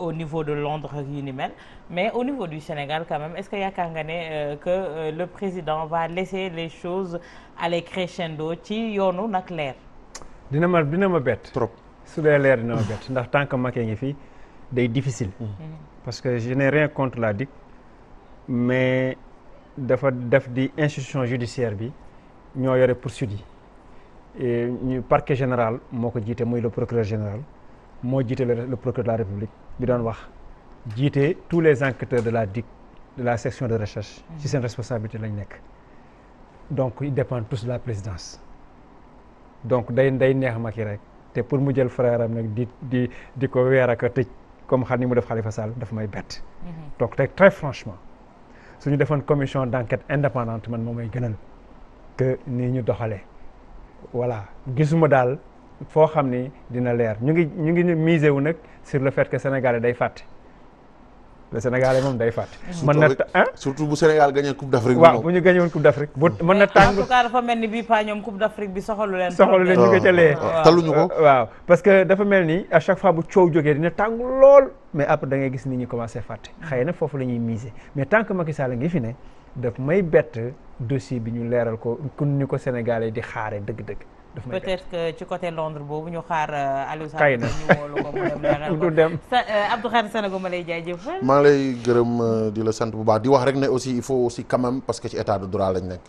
au niveau de Londres ak yu ni mel mais au niveau du Sénégal quand même est-ce que yaakaar nga ne que le président va laisser les choses aller crescendo ci yoonu nag leer. dina ma dina ma su dee leer dina ma bett ndax tant que Macky ngi fii day difficile. Mm-hmm. parce que je n'ai rien contre la mais dafa def di institution judiciaire bi ñoo yore poursuite yi ñu parquet général moo ko jiite muy le procureur général moo jiite le procureur de la république bi doon wax jiite tous les enquêteurs de la DIC de la section de recherche. Mm-hmm. ci seen responsabilité lañ nekk. donc ils dépendent tous de la présidence donc day day neex Macky rek. te pour mu jël frère am nag di di di ko weer ak a tëj comme xam ni mu def Khalifa Sall daf may bett. Mhm. donc te très franchement suñu defoon commission d' enquête indépendante man moom may gënal que nii ñu doxalee voilà gisuma daal foo xam ni dina leer ñu ngi ñu ngi miser wu nag sur le fait que Sénégalais day fàtte. le Sénégal moom day fàtte. mën na ah surtout bu Sénégal gagné coupe d' Afrique. waaw bu ñu gagné woon coupe d' Afrique bu mën na tàng. d' bi soxalu leen. soxalu leen ñu ko lee. taluñu ko waaw parce que dafa mel ni à chaque fois bu coow jógee dina tàng lool. mais après da ngay gis ni ñi commencé fàtte. xëy na foofu la ñuy miser mais tant que Macky Sall ngi fi ne daf may bett dossier bi ñu leeral ko ku ni ko Sénégalais di xaaree dëgg-dëgg daf peut-être que ci côté Londres boobu ñu xaar euh, Aliou Sall. kay na ñu wóolu ko mu dem leeral ko dem euh, maa ngi lay gërëm euh, di la sant bu baax di wax rek ne aussi il faut aussi quand parce que ci état de droit lañ nekk.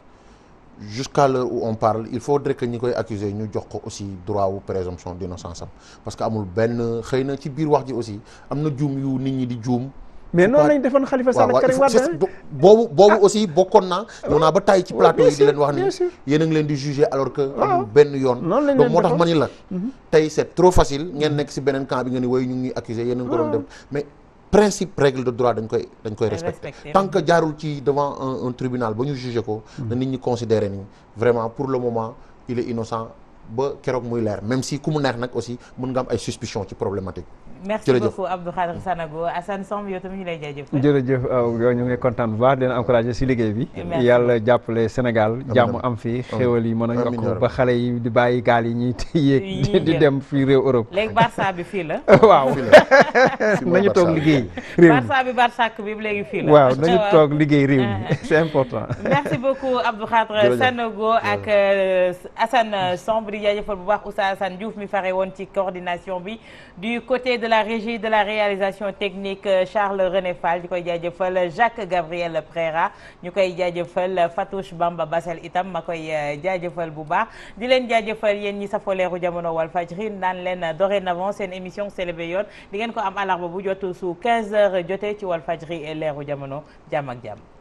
jusqu'à l'heure où on parle il faudrait que ñi koy accuser ñu jox ko aussi droit wu présomption d'innocence am parce que amul benn xëy na ci biir wax ji aussi am na juum yu nit ñi di juum. mais noonu lañ defoon Khalifa Sall ak Karim Wade boobu aussi bokkoon naa ñëw naa ba tay ci ah, plateau yi leen wax ni yéen a leen di juger alors que ah, benn yoon moo tax ma ni la mhm. tey c'est trop facile ngeen mhm. nekk si beneen camp bi nga ni way ñu ngi accuser yéen a ko doon ah. def mais principe règle de droit dañ koy dañ koy respecté tant jaarul ci devant un tribunal ba ñu juger ko mhm. na nit ñi considérer ni vraiment pour le moment il est innocent ba keroog muy leer même si ku mu neex nag aussi mën nga am ay suspicion ci problématique merci beaucoup Abdou Khadre Sanogo Assane Samb yow tamit si liggéey bi yàlla jàppale Sénégal jàmm am fi xéwal yi mën a yokk ba xale yi di bàyyi gaal yi ñuy yéeg di dem fii réew Europe léegi Barça bi fii la waaw nañu toog liggéey réew Barça bi Barça bi léegi fii la waaw nañu toog liggéey réew mi c'est important merci beaucoup Abdou Khadre Sanogo ak euh, Assane Samb di jaajëfal bu baax Oustaz Assane Diouf mi fare woon ci coordination bi du côté de la régie de la réalisation technique euh, Charles René Fall ñu koy jaajëfal Jacques Gabriel Préra ñu koy jaajëfal Fatouche Bamba Basel itam ma koy euh, jaajëfal bu baax di leen jaajëfal yéen ñi safoo leeru jamono Walfadjri naan leen dorénavant seen émission Selebe Yoon di ngeen ko am àllarba bu jot su 15 heures jotee ci Walfadjri leeru jamono jàmm ak jàmm